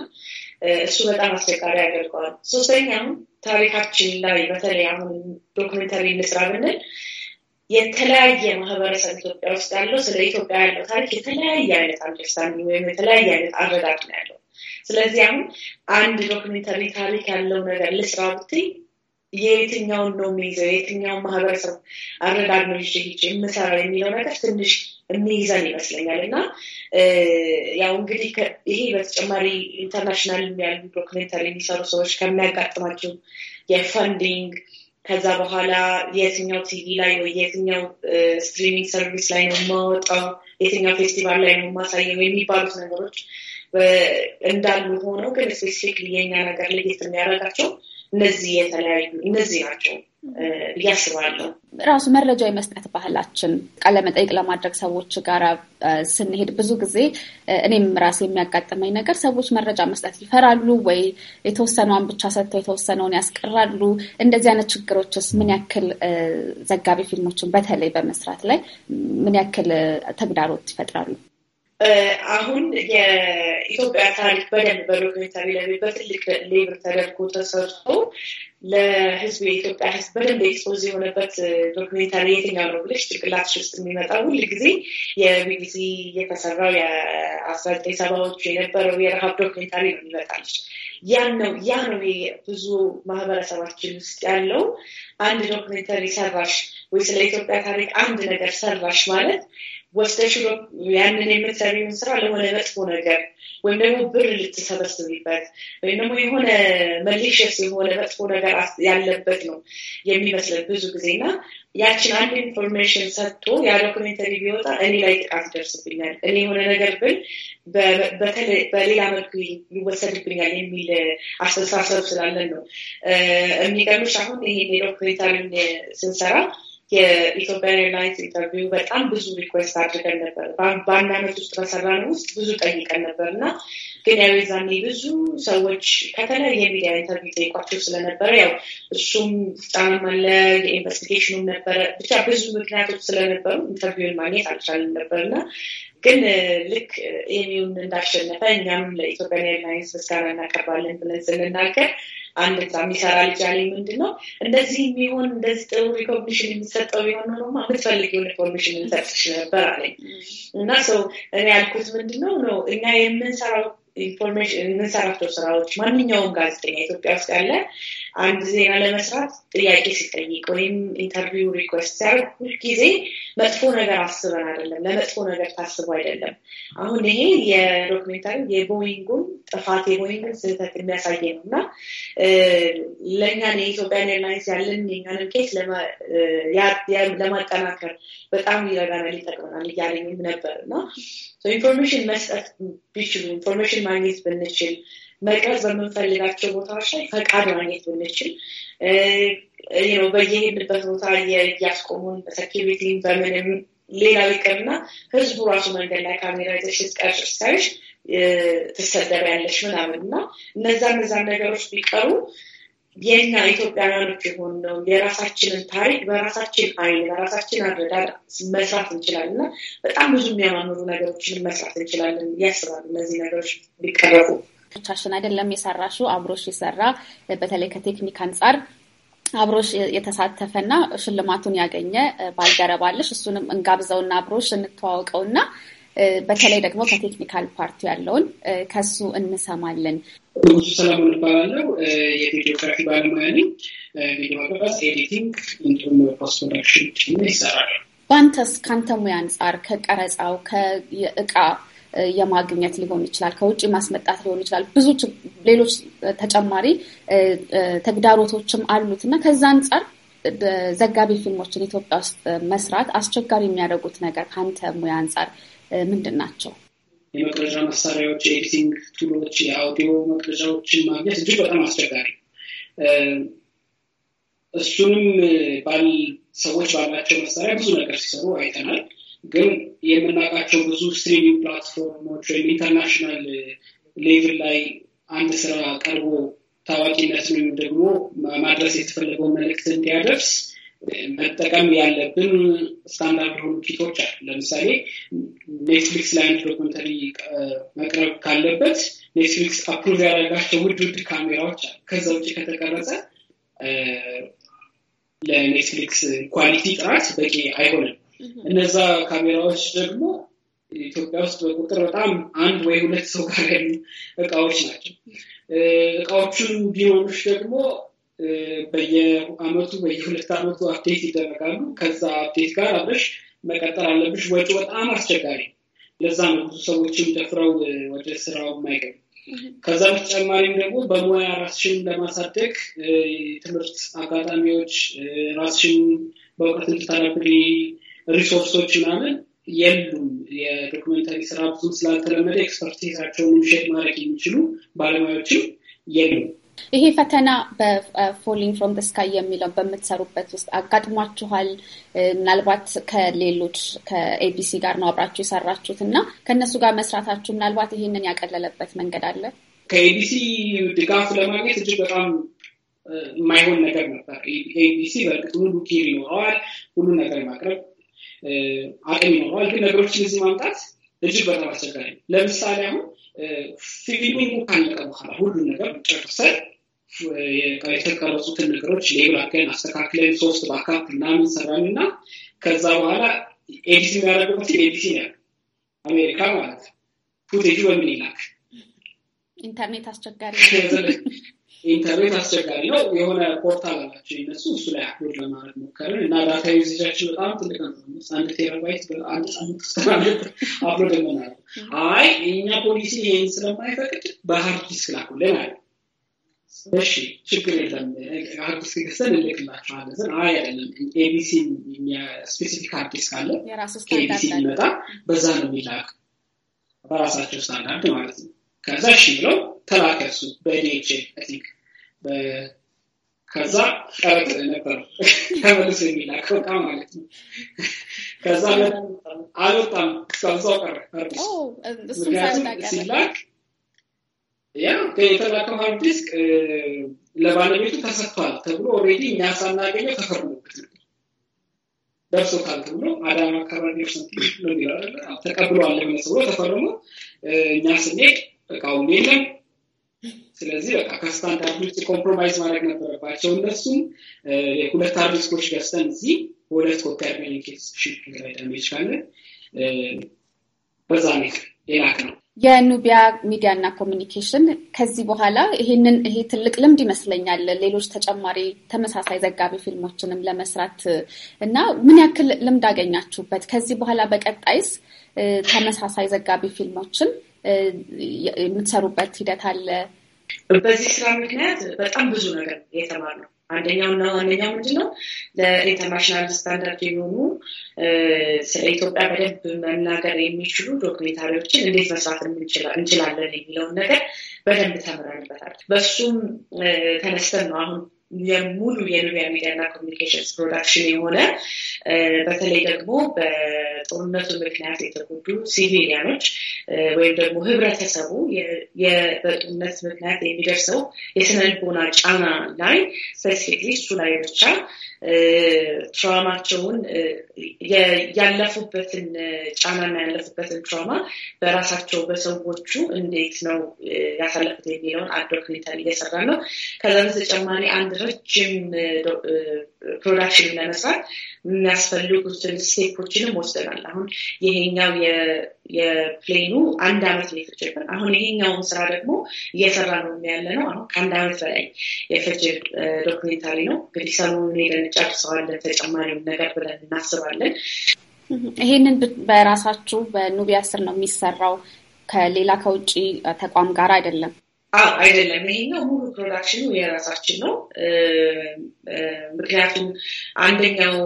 እሱ በጣም አስቸጋሪ ያደርገዋል። ሶስተኛም ታሪካችን ላይ በተለይ አሁን ዶክመንተሪ እንስራ ብንል የተለያየ ማህበረሰብ ኢትዮጵያ ውስጥ ያለው ስለ ኢትዮጵያ ያለው ታሪክ የተለያየ አይነት አንደርስታንዲንግ ወይም የተለያየ አይነት አረዳድ ነው ያለው ስለዚህ አሁን አንድ ዶክሜንተሪ ታሪክ ያለው ነገር ልስራ ብትይ የየትኛውን ነው የሚይዘው የየትኛውን ማህበረሰብ አረዳድ ነው ይዤ የምሰራ የሚለው ነገር ትንሽ የሚይዘን ይመስለኛል እና ያው እንግዲህ ይሄ በተጨማሪ ኢንተርናሽናል የሚያሉ ዶክሜንተሪ የሚሰሩ ሰዎች ከሚያጋጥማቸው የፈንዲንግ ከዛ በኋላ የትኛው ቲቪ ላይ ወይ የትኛው ስትሪሚንግ ሰርቪስ ላይ ነው የማወጣው የትኛው ፌስቲቫል ላይ ነው የማሳየው የሚባሉት ነገሮች እንዳሉ ሆነው ግን ስፔሲፊክሊ የኛ ነገር ለየት የሚያደርጋቸው እነዚህ የተለያዩ እነዚህ ናቸው እያስባለሁ
ራሱ መረጃ የመስጠት ባህላችን ቃለመጠይቅ ለማድረግ ሰዎች ጋር ስንሄድ ብዙ ጊዜ እኔም ራሴ የሚያጋጥመኝ ነገር ሰዎች መረጃ መስጠት ይፈራሉ፣ ወይ የተወሰነውን ብቻ ሰጥተው የተወሰነውን ያስቀራሉ። እንደዚህ አይነት ውስጥ ምን ያክል ዘጋቢ ፊልሞችን በተለይ በመስራት ላይ ምን ያክል ተግዳሮት ይፈጥራሉ?
አሁን የኢትዮጵያ ታሪክ በደንብ በዶክሜንታሪ ላይ በትልቅ ሌብር ተደርጎ ተሰርቶ ለህዝብ የኢትዮጵያ ህዝብ በደንብ ኤክስፖዝ የሆነበት ዶክሜንታሪ የትኛው ነው ብለሽ ጭንቅላትሽ ውስጥ የሚመጣ ሁል ጊዜ የቢቢሲ የተሰራው የአስራ ዘጠኝ ሰባዎቹ የነበረው የረሃብ ዶክሜንታሪ ነው የሚመጣለች። ያን ነው ያ ነው ብዙ ማህበረሰባችን ውስጥ ያለው አንድ ዶክሜንታሪ ሰራሽ ወይ ስለ ኢትዮጵያ ታሪክ አንድ ነገር ሰራሽ ማለት ወስደሽ ያንን የምትሰሪውን ስራ ለሆነ መጥፎ ነገር ወይም ደግሞ ብር ልትሰበስብበት ወይም ደግሞ የሆነ መሌሸስ የሆነ መጥፎ ነገር ያለበት ነው የሚመስለን ብዙ ጊዜ እና ያችን አንድ ኢንፎርሜሽን ሰጥቶ ያ ቢወጣ እኔ ላይ ጥቃት ይደርስብኛል፣ እኔ የሆነ ነገር ብል በሌላ መልኩ ይወሰድብኛል የሚል አስተሳሰብ ስላለን ነው የሚገርምሽ አሁን ይሄ የዶክሜንታሪን ስንሰራ የኢትዮጵያ ኤርላይንስ ኢንተርቪው በጣም ብዙ ሪኩዌስት አድርገን ነበር። በአንድ አመት ውስጥ በሰራነው ውስጥ ብዙ ጠይቀን ነበር እና ግን ያው የዛኔ ብዙ ሰዎች ከተለያየ ሚዲያ ኢንተርቪው ጠይቋቸው ስለነበረ ያው እሱም ስጣን አለ የኢንቨስቲጌሽኑም ነበረ ብቻ ብዙ ምክንያቶች ስለነበሩ ኢንተርቪውን ማግኘት አልቻልም ነበር እና ግን ልክ ኤሚውን እንዳሸነፈ እኛም ለኢትዮጵያ ኤርላይንስ ምስጋና እናቀርባለን ብለን ስንናገር አንድ ዛ የሚሰራ ልጅ አለኝ። ምንድን ነው እንደዚህ የሚሆን እንደዚህ ጥሩ ሪኮግኒሽን የሚሰጠው ቢሆን ኖሮ የምትፈልጊውን ሪኮግኒሽን እንሰጥሽ ነበር አለኝ እና ሰው እኔ ያልኩት ምንድን ነው ነው እኛ የምንሰራው ኢንፎርሜሽን የምንሰራቸው ስራዎች ማንኛውም ጋዜጠኛ ኢትዮጵያ ውስጥ ያለ አንድ ዜና ለመስራት ጥያቄ ሲጠይቅ ወይም ኢንተርቪው ሪኩዌስት ሲያደርግ ሁልጊዜ መጥፎ ነገር አስበን አይደለም፣ ለመጥፎ ነገር ታስቦ አይደለም። አሁን ይሄ የዶክሜንታሪ የቦይንጉን ጥፋት የቦይንግን ስህተት የሚያሳየ ነው እና ለእኛን የኢትዮጵያን ኤርላይንስ ያለን የኛንን ኬስ ለማጠናከር በጣም ይረዳናል፣ ይጠቅመናል እያለኝም ነበር እና ኢንፎርሜሽን መስጠት ቢችሉ ኢንፎርሜሽን ማግኘት ብንችል መቅረጽ በምንፈልጋቸው ቦታዎች ላይ ፈቃድ ማግኘት ብንችል በየሄድንበት ቦታ እያስቆሙን በሰኪሪቲም በምንም ሌላ ይቅርና ህዝቡ ራሱ መንገድ ላይ ካሜራ ይዘሽ ስትቀርጭ ስታይሽ ትሰደቢያለሽ ምናምን እና እነዛ እነዛ ነገሮች ቢቀሩ የኛ ኢትዮጵያውያኖች የሆን ነው የራሳችንን ታሪክ በራሳችን አይን በራሳችን አረዳድ መስራት እንችላለን እና በጣም ብዙ የሚያማምሩ ነገሮችን መስራት እንችላለን
እያስባሉ እነዚህ ነገሮች ቢቀረቡ ብቻሽን አይደለም የሰራሹ አብሮሽ የሰራ በተለይ ከቴክኒክ አንጻር አብሮሽ የተሳተፈና ሽልማቱን ያገኘ ባልደረባለሽ እሱንም እንጋብዘውና አብሮሽ እንተዋወቀውና በተለይ ደግሞ ከቴክኒካል ፓርቲ ያለውን ከሱ እንሰማለን።
ንጉሱ ሰለሞን እባላለሁ። የቪዲዮግራፊ ባለሙያ ነኝ። ቪዲዮ አገባዝ፣ ኤዲቲንግ እንዲሁም ፖስት ፕሮዳክሽን
ይሰራል።
በአንተስ ከአንተ ሙያ አንጻር ከቀረጻው ከእቃ የማግኘት ሊሆን ይችላል፣ ከውጭ ማስመጣት ሊሆን ይችላል። ብዙ ሌሎች ተጨማሪ ተግዳሮቶችም አሉት እና ከዛ አንጻር ዘጋቢ ፊልሞችን ኢትዮጵያ ውስጥ መስራት አስቸጋሪ የሚያደርጉት ነገር ከአንተ ሙያ አንጻር ምንድን ናቸው?
የመቅረጃ መሳሪያዎች፣ የኤዲቲንግ ቱሎች፣ የአውዲዮ መቅረጃዎችን ማግኘት እጅግ በጣም አስቸጋሪ እሱንም ሰዎች ባላቸው መሳሪያ ብዙ ነገር ሲሰሩ አይተናል። ግን የምናውቃቸው ብዙ ስትሪሚንግ ፕላትፎርሞች ወይም ኢንተርናሽናል ሌቭል eh, ላይ አንድ ስራ ቀርቦ ታዋቂነት ወይም ደግሞ ማድረስ የተፈለገው መልእክት እንዲያደርስ eh, መጠቀም ያለብን ስታንዳርድ ሆኑ ኪቶች አሉ። ለምሳሌ ኔትፍሊክስ ላይ አንድ ዶክመንተሪ eh, መቅረብ ካለበት ኔትፍሊክስ አፕሩቭ ያደረጋቸው ውድ ውድ ካሜራዎች አሉ። ከዛ ውጭ ከተቀረጸ ለኔትፍሊክስ ኳሊቲ ጥራት በቂ አይሆንም። Mm-hmm. እነዛ ካሜራዎች ደግሞ ኢትዮጵያ ውስጥ በቁጥር በጣም አንድ ወይ ሁለት ሰው ጋር ያሉ እቃዎች ናቸው። እቃዎቹን ቢኖሩሽ ደግሞ በየአመቱ በየሁለት አመቱ አፕዴት ይደረጋሉ። ከዛ አፕዴት ጋር አብረሽ መቀጠል አለብሽ። ወጪ በጣም አስቸጋሪ ለዛ ነው ብዙ ሰዎችም ደፍረው ወደ ስራው የማይገቡ። mm-hmm. ከዛ በተጨማሪም ደግሞ በሙያ ራስሽን ለማሳደግ ትምህርት አጋጣሚዎች ራስሽን በእውቀት እንድታነብሪ ሪሶርሶች ምናምን የሉም። የዶክመንታሪ ስራ ብዙ ስላልተለመደ ኤክስፐርቲዛቸውን ሼክ ማድረግ የሚችሉ ባለሙያዎችም የሉም።
ይሄ ፈተና በፎሊንግ ፍሮም ስካይ የሚለው በምትሰሩበት ውስጥ አጋጥሟችኋል? ምናልባት ከሌሎች ከኤቢሲ ጋር ነው አብራችሁ የሰራችሁት እና ከእነሱ ጋር መስራታችሁ ምናልባት ይሄንን ያቀለለበት መንገድ አለ?
ከኤቢሲ ድጋፍ ለማግኘት እጅግ በጣም የማይሆን ነገር ነበር። ኤቢሲ በእርግጥ ሁሉ ኪር ይኖረዋል፣ ሁሉ ነገር ማቅረብ አቅም ነው። ዋልክ ነገሮች እዚህ ማምጣት እጅግ በጣም አስቸጋሪ ነው። ለምሳሌ አሁን ፊልሚንጉ ካለቀ በኋላ ሁሉን ነገር ጨርሰን የተቀረጹትን ነገሮች ሌብላከን አስተካክለን ሶስት ባካፕ ምናምን ሰራን እና ከዛ በኋላ ኤዲሲ የሚያደርገበት ኤዲሲ ያ አሜሪካ ማለት ነው ፉቴጅ በምን ይላክ
ኢንተርኔት አስቸጋሪ
ኢንተርኔት አስቸጋሪ ነው። የሆነ ፖርታል አላቸው ይነሱ እሱ ላይ አፕሎድ ለማድረግ ሞከርን እና ዳታ ዩዜጃችን በጣም ትልቅ ነው። አንድ ቴራባይት በአንድ ሳምንት ስናለት አፕሎድ ለመናለ አይ የኛ ፖሊሲ ይህን ስለማይፈቅድ በሀርድ ዲስክ ላኩልን አለ። እሺ ችግር የለም ሀርድ ዲስክ ገዝተን እንልክላቸዋለን ስን አይ አይደለም ኤቢሲ ስፔሲፊክ ሀርድ ዲስክ አለ ከኤቢሲ የሚመጣ በዛ ነው የሚላክ በራሳቸው ስታንዳርድ ማለት ነው። ከዛ እሺ ብለው ተላከሱ በዲኤችኤል ቲንክ ከዛ ቀረጥ ነበር ተመልሶ የሚላከው ዕቃ ማለት ነው። ከዛ አልወጣም እስካብዛው ቀረ። ምክንያቱም ሲላክ ያ የተላከው ሀርድ ዲስክ ለባለቤቱ ተሰጥቷል ተብሎ ኦልሬዲ እኛ ሳናገኘው ተፈርሞበት ነበር። ደርሶታል ተብሎ አዳማ አካባቢ ተቀብሏል ለመስሎ ተፈርሞ እኛ ስንሄድ እቃውን የለም ስለዚህ በቃ ከስታንዳርድ ውጭ ኮምፕሮማይዝ ማድረግ ነበረባቸው። እነሱም የሁለት ሃርድ ዲስኮች ገዝተን እዚህ ሁለት ኮከር ሜኒኬት ሽፕ ገዳሚዎች ካለ በዛ ሜክ የላክ ነው።
የኑቢያ ሚዲያ እና ኮሚኒኬሽን ከዚህ በኋላ ይሄንን ይሄ ትልቅ ልምድ ይመስለኛል ሌሎች ተጨማሪ ተመሳሳይ ዘጋቢ ፊልሞችንም ለመስራት እና ምን ያክል ልምድ አገኛችሁበት? ከዚህ በኋላ በቀጣይስ ተመሳሳይ ዘጋቢ ፊልሞችን የምትሰሩበት ሂደት አለ?
በዚህ ስራ ምክንያት በጣም ብዙ ነገር ነው። አንደኛው እና ዋነኛው ምንድነው ለኢንተርናሽናል ስታንዳርድ የሆኑ ስለ ኢትዮጵያ በደንብ መናገር የሚችሉ ዶክሜንታሪዎችን እንዴት መስራት እንችላለን የሚለውን ነገር በደንብ ተምረንበታል። በሱም ተነስተን ነው አሁን ሙሉ የሉሚያ ሚዲያና ኮሚኒኬሽንስ ፕሮዳክሽን የሆነ በተለይ ደግሞ በጦርነቱ ምክንያት የተጎዱ ሲቪሊያኖች ወይም ደግሞ ህብረተሰቡ በጦርነት ምክንያት የሚደርሰው የስነልቦና ጫና ላይ ስፔሲፊክሊ እሱ ላይ ብቻ ትራውማቸውን ያለፉበትን ጫናና ያለፉበትን ትራውማ በራሳቸው በሰዎቹ እንዴት ነው ያሳለፉት የሚለውን አዶክሜንታሪ እየሰራ ነው። ከዛ በተጨማሪ አንድ ረጅም ፕሮዳክሽን ለመስራት የሚያስፈልጉትን ስቴፖችንም ወስደናል። አሁን ይሄኛው የፕሌኑ አንድ አመት ነው የፈጀብን። አሁን ይሄኛውን ስራ ደግሞ እየሰራ ነው ያለ ነው። አሁን ከአንድ አመት በላይ የፈጀ ዶክሜንታሪ ነው። እንግዲህ ሰሞኑን ሄደን እንጨርሰዋለን። ተጨማሪውን ነገር ብለን እናስባለን።
ይሄንን በራሳችሁ በኑቢያ ስር ነው የሚሰራው፣ ከሌላ ከውጭ ተቋም ጋር አይደለም።
አይደለም። ይሄኛው ሙሉ ፕሮዳክሽኑ የራሳችን ነው። ምክንያቱም አንደኛው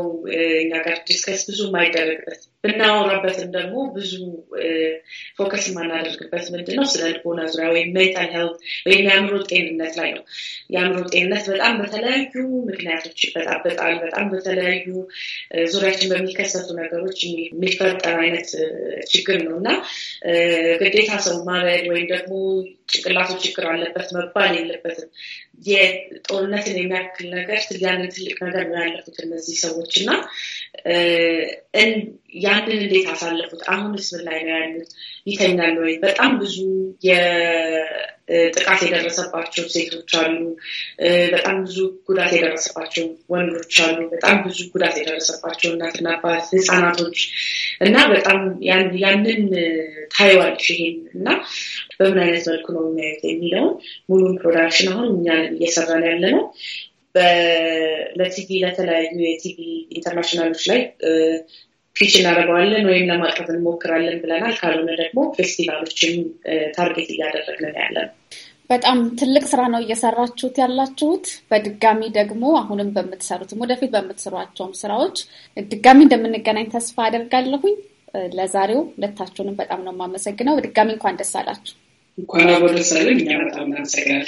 እኛ ጋር ዲስከስ ብዙ የማይደረግበት ብናወራበትም ደግሞ ብዙ ፎከስ የማናደርግበት ምንድን ነው ስለ ልቦና ዙሪያ ወይም ሜንታል ሄልት ወይም የአእምሮ ጤንነት ላይ ነው። የአእምሮ ጤንነት በጣም በተለያዩ ምክንያቶች ይበጣበጣል። በጣም በተለያዩ ዙሪያችን በሚከሰቱ ነገሮች የሚፈጠር አይነት ችግር ነው እና ግዴታ ሰው ማረድ ወይም ደግሞ ጭቅላቱ ችግር አለበት መባል የለበትም። የጦርነትን የሚያክል ነገር ትያንን ትልቅ ነገር ነው ያለፉት እነዚህ ሰዎች እና ያንን እንዴት አሳለፉት? አሁን ምን ላይ ነው ያሉት? ይተኛሉ ወይ? በጣም ብዙ የጥቃት የደረሰባቸው ሴቶች አሉ። በጣም ብዙ ጉዳት የደረሰባቸው ወንዶች አሉ። በጣም ብዙ ጉዳት የደረሰባቸው እናትና አባት፣ ህፃናቶች እና በጣም ያንን ታይዋለሽ ይሄን እና በምን አይነት መልኩ ነው የሚያዩት የሚለውን ሙሉን ፕሮዳክሽን አሁን እኛ እየሰራን ያለ ነው ለቲቪ ለተለያዩ የቲቪ ኢንተርናሽናሎች ላይ ፊት እናደርገዋለን ወይም ለማቅረብ እንሞክራለን ብለናል። ካልሆነ ደግሞ ፌስቲቫሎችን ታርጌት እያደረግን ያለ
በጣም ትልቅ ስራ ነው እየሰራችሁት ያላችሁት። በድጋሚ ደግሞ አሁንም በምትሰሩትም ወደፊት በምትሰሯቸውም ስራዎች ድጋሚ እንደምንገናኝ ተስፋ አደርጋለሁኝ። ለዛሬው ሁለታችሁንም በጣም ነው የማመሰግነው። በድጋሚ እንኳን ደስ አላችሁ።
እንኳን አብሮ ደስ አለን። እኛ በጣም እናመሰግናለን።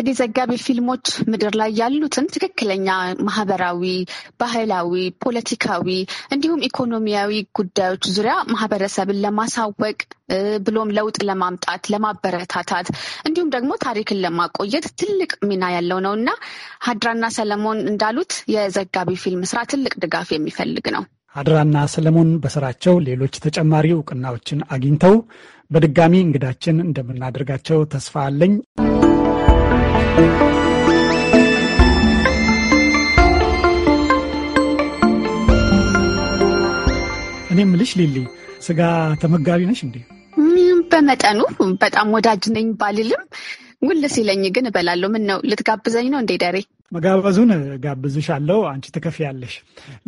እንግዲህ ዘጋቢ ፊልሞች ምድር ላይ ያሉትን ትክክለኛ ማህበራዊ፣ ባህላዊ፣ ፖለቲካዊ እንዲሁም ኢኮኖሚያዊ ጉዳዮች ዙሪያ ማህበረሰብን ለማሳወቅ ብሎም ለውጥ ለማምጣት ለማበረታታት እንዲሁም ደግሞ ታሪክን ለማቆየት ትልቅ ሚና ያለው ነው እና ሀድራና ሰለሞን እንዳሉት የዘጋቢ ፊልም ስራ ትልቅ ድጋፍ የሚፈልግ ነው።
ሀድራና ሰለሞን በስራቸው ሌሎች ተጨማሪ እውቅናዎችን አግኝተው በድጋሚ እንግዳችን እንደምናደርጋቸው ተስፋ አለኝ። እኔ ምልሽ ሊሊ ስጋ ተመጋቢ ነሽ እንዴ?
በመጠኑ በጣም ወዳጅ ነኝ ባልልም ውል ሲለኝ ግን እበላለሁ። ምን ነው ልትጋብዘኝ ነው እንዴ? ደሬ
መጋበዙን ጋብዝሻለሁ፣ አንቺ ትከፍያለሽ።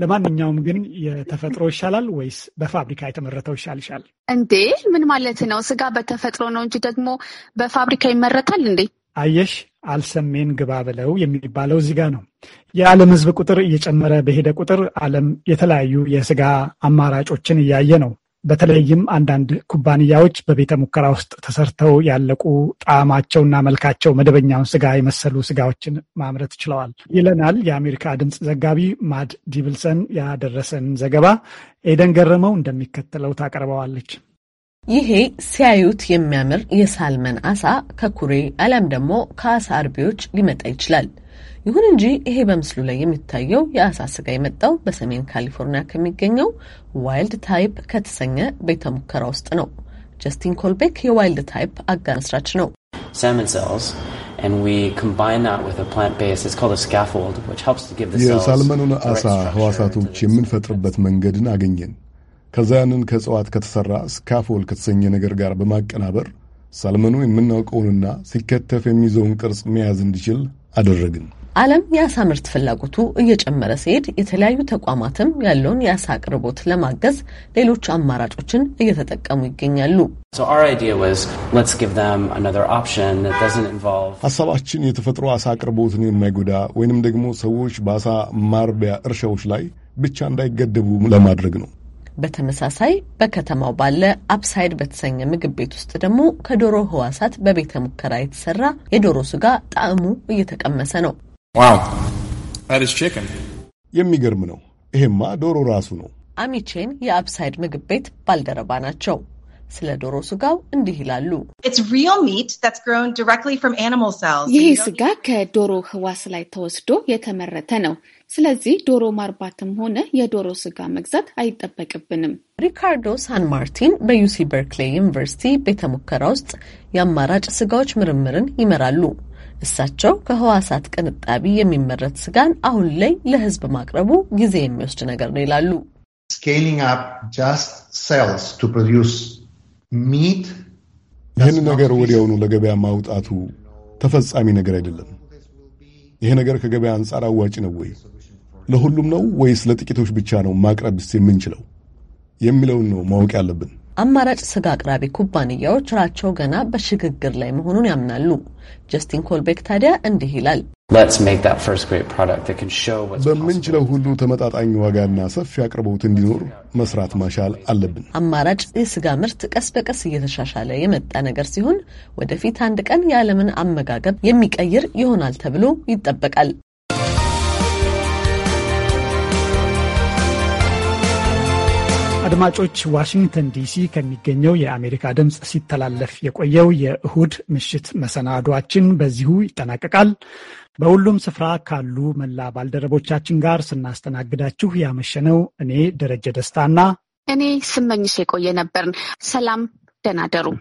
ለማንኛውም ግን የተፈጥሮ ይሻላል ወይስ በፋብሪካ የተመረተው ይሻልሻል?
እንዴ ምን ማለት ነው? ስጋ በተፈጥሮ ነው እንጂ ደግሞ በፋብሪካ ይመረታል እንዴ?
አየሽ አልሰሜን ግባ ብለው የሚባለው እዚህ ነው። የዓለም ሕዝብ ቁጥር እየጨመረ በሄደ ቁጥር ዓለም የተለያዩ የስጋ አማራጮችን እያየ ነው። በተለይም አንዳንድ ኩባንያዎች በቤተ ሙከራ ውስጥ ተሰርተው ያለቁ ጣዕማቸውና መልካቸው መደበኛውን ስጋ የመሰሉ ስጋዎችን ማምረት ችለዋል ይለናል የአሜሪካ ድምፅ ዘጋቢ ማድ ዲብልሰን ያደረሰን ዘገባ። ኤደን ገረመው እንደሚከተለው ታቀርበዋለች።
ይሄ ሲያዩት የሚያምር የሳልመን አሳ ከኩሬ አሊያም ደግሞ ከአሳ አርቢዎች ሊመጣ ይችላል። ይሁን እንጂ ይሄ በምስሉ ላይ የሚታየው የአሳ ስጋ የመጣው በሰሜን ካሊፎርኒያ ከሚገኘው ዋይልድ ታይፕ ከተሰኘ ቤተ ሙከራ ውስጥ ነው። ጀስቲን ኮልቤክ የዋይልድ ታይፕ አጋር መስራች ነው።
የሳልመኑን
አሳ ህዋሳቶች የምንፈጥርበት መንገድን አገኘን። ከዛ ያንን ከእጽዋት ከተሠራ ስካፎል ከተሰኘ ነገር ጋር በማቀናበር ሳልመኑ የምናውቀውንና ሲከተፍ የሚይዘውን ቅርጽ መያዝ እንዲችል አደረግን።
ዓለም የአሳ ምርት ፍላጎቱ እየጨመረ ሲሄድ የተለያዩ ተቋማትም ያለውን የአሳ አቅርቦት ለማገዝ ሌሎች አማራጮችን እየተጠቀሙ ይገኛሉ።
ሀሳባችን የተፈጥሮ አሳ አቅርቦትን የማይጎዳ ወይንም ደግሞ ሰዎች በአሳ ማርቢያ እርሻዎች ላይ ብቻ እንዳይገደቡ ለማድረግ ነው።
በተመሳሳይ በከተማው ባለ አፕሳይድ በተሰኘ ምግብ ቤት ውስጥ ደግሞ ከዶሮ ህዋሳት በቤተ ሙከራ የተሰራ የዶሮ ስጋ ጣዕሙ
እየተቀመሰ ነው። የሚገርም ነው። ይሄማ ዶሮ ራሱ ነው።
አሚቼን የአፕሳይድ ምግብ ቤት ባልደረባ ናቸው። ስለ ዶሮ ስጋው እንዲህ ይላሉ። ይህ
ስጋ ከዶሮ ህዋስ ላይ ተወስዶ የተመረተ ነው። ስለዚህ ዶሮ ማርባትም ሆነ የዶሮ ስጋ መግዛት አይጠበቅብንም።
ሪካርዶ ሳን ማርቲን በዩሲ በርክሌይ ዩኒቨርሲቲ ቤተ ሙከራ ውስጥ የአማራጭ ስጋዎች ምርምርን ይመራሉ። እሳቸው ከህዋሳት ቅንጣቢ የሚመረት ስጋን አሁን ላይ ለህዝብ ማቅረቡ ጊዜ የሚወስድ ነገር ነው ይላሉ።
ይህን ነገር ወዲያውኑ ለገበያ ማውጣቱ ተፈጻሚ ነገር አይደለም። ይህ ነገር ከገበያ አንጻር አዋጭ ነው ወይ? ለሁሉም ነው ወይስ ለጥቂቶች ብቻ ነው ማቅረብስ የምንችለው የሚለውን ነው ማወቅ ያለብን።
አማራጭ ስጋ አቅራቢ ኩባንያዎች ራቸው ገና በሽግግር ላይ መሆኑን ያምናሉ። ጀስቲን ኮልቤክ ታዲያ እንዲህ ይላል።
በምንችለው ሁሉ ተመጣጣኝ ዋጋና ሰፊ አቅርቦት እንዲኖር መስራት ማሻል አለብን።
አማራጭ የስጋ ምርት ቀስ በቀስ እየተሻሻለ የመጣ ነገር ሲሆን ወደፊት አንድ ቀን የዓለምን አመጋገብ የሚቀይር
ይሆናል ተብሎ ይጠበቃል። አድማጮች፣ ዋሽንግተን ዲሲ ከሚገኘው የአሜሪካ ድምፅ ሲተላለፍ የቆየው የእሁድ ምሽት መሰናዷችን በዚሁ ይጠናቀቃል። በሁሉም ስፍራ ካሉ መላ ባልደረቦቻችን ጋር ስናስተናግዳችሁ ያመሸነው እኔ ደረጀ ደስታና
እኔ ስመኝሽ የቆየ ነበርን። ሰላም፣ ደህና ደሩ።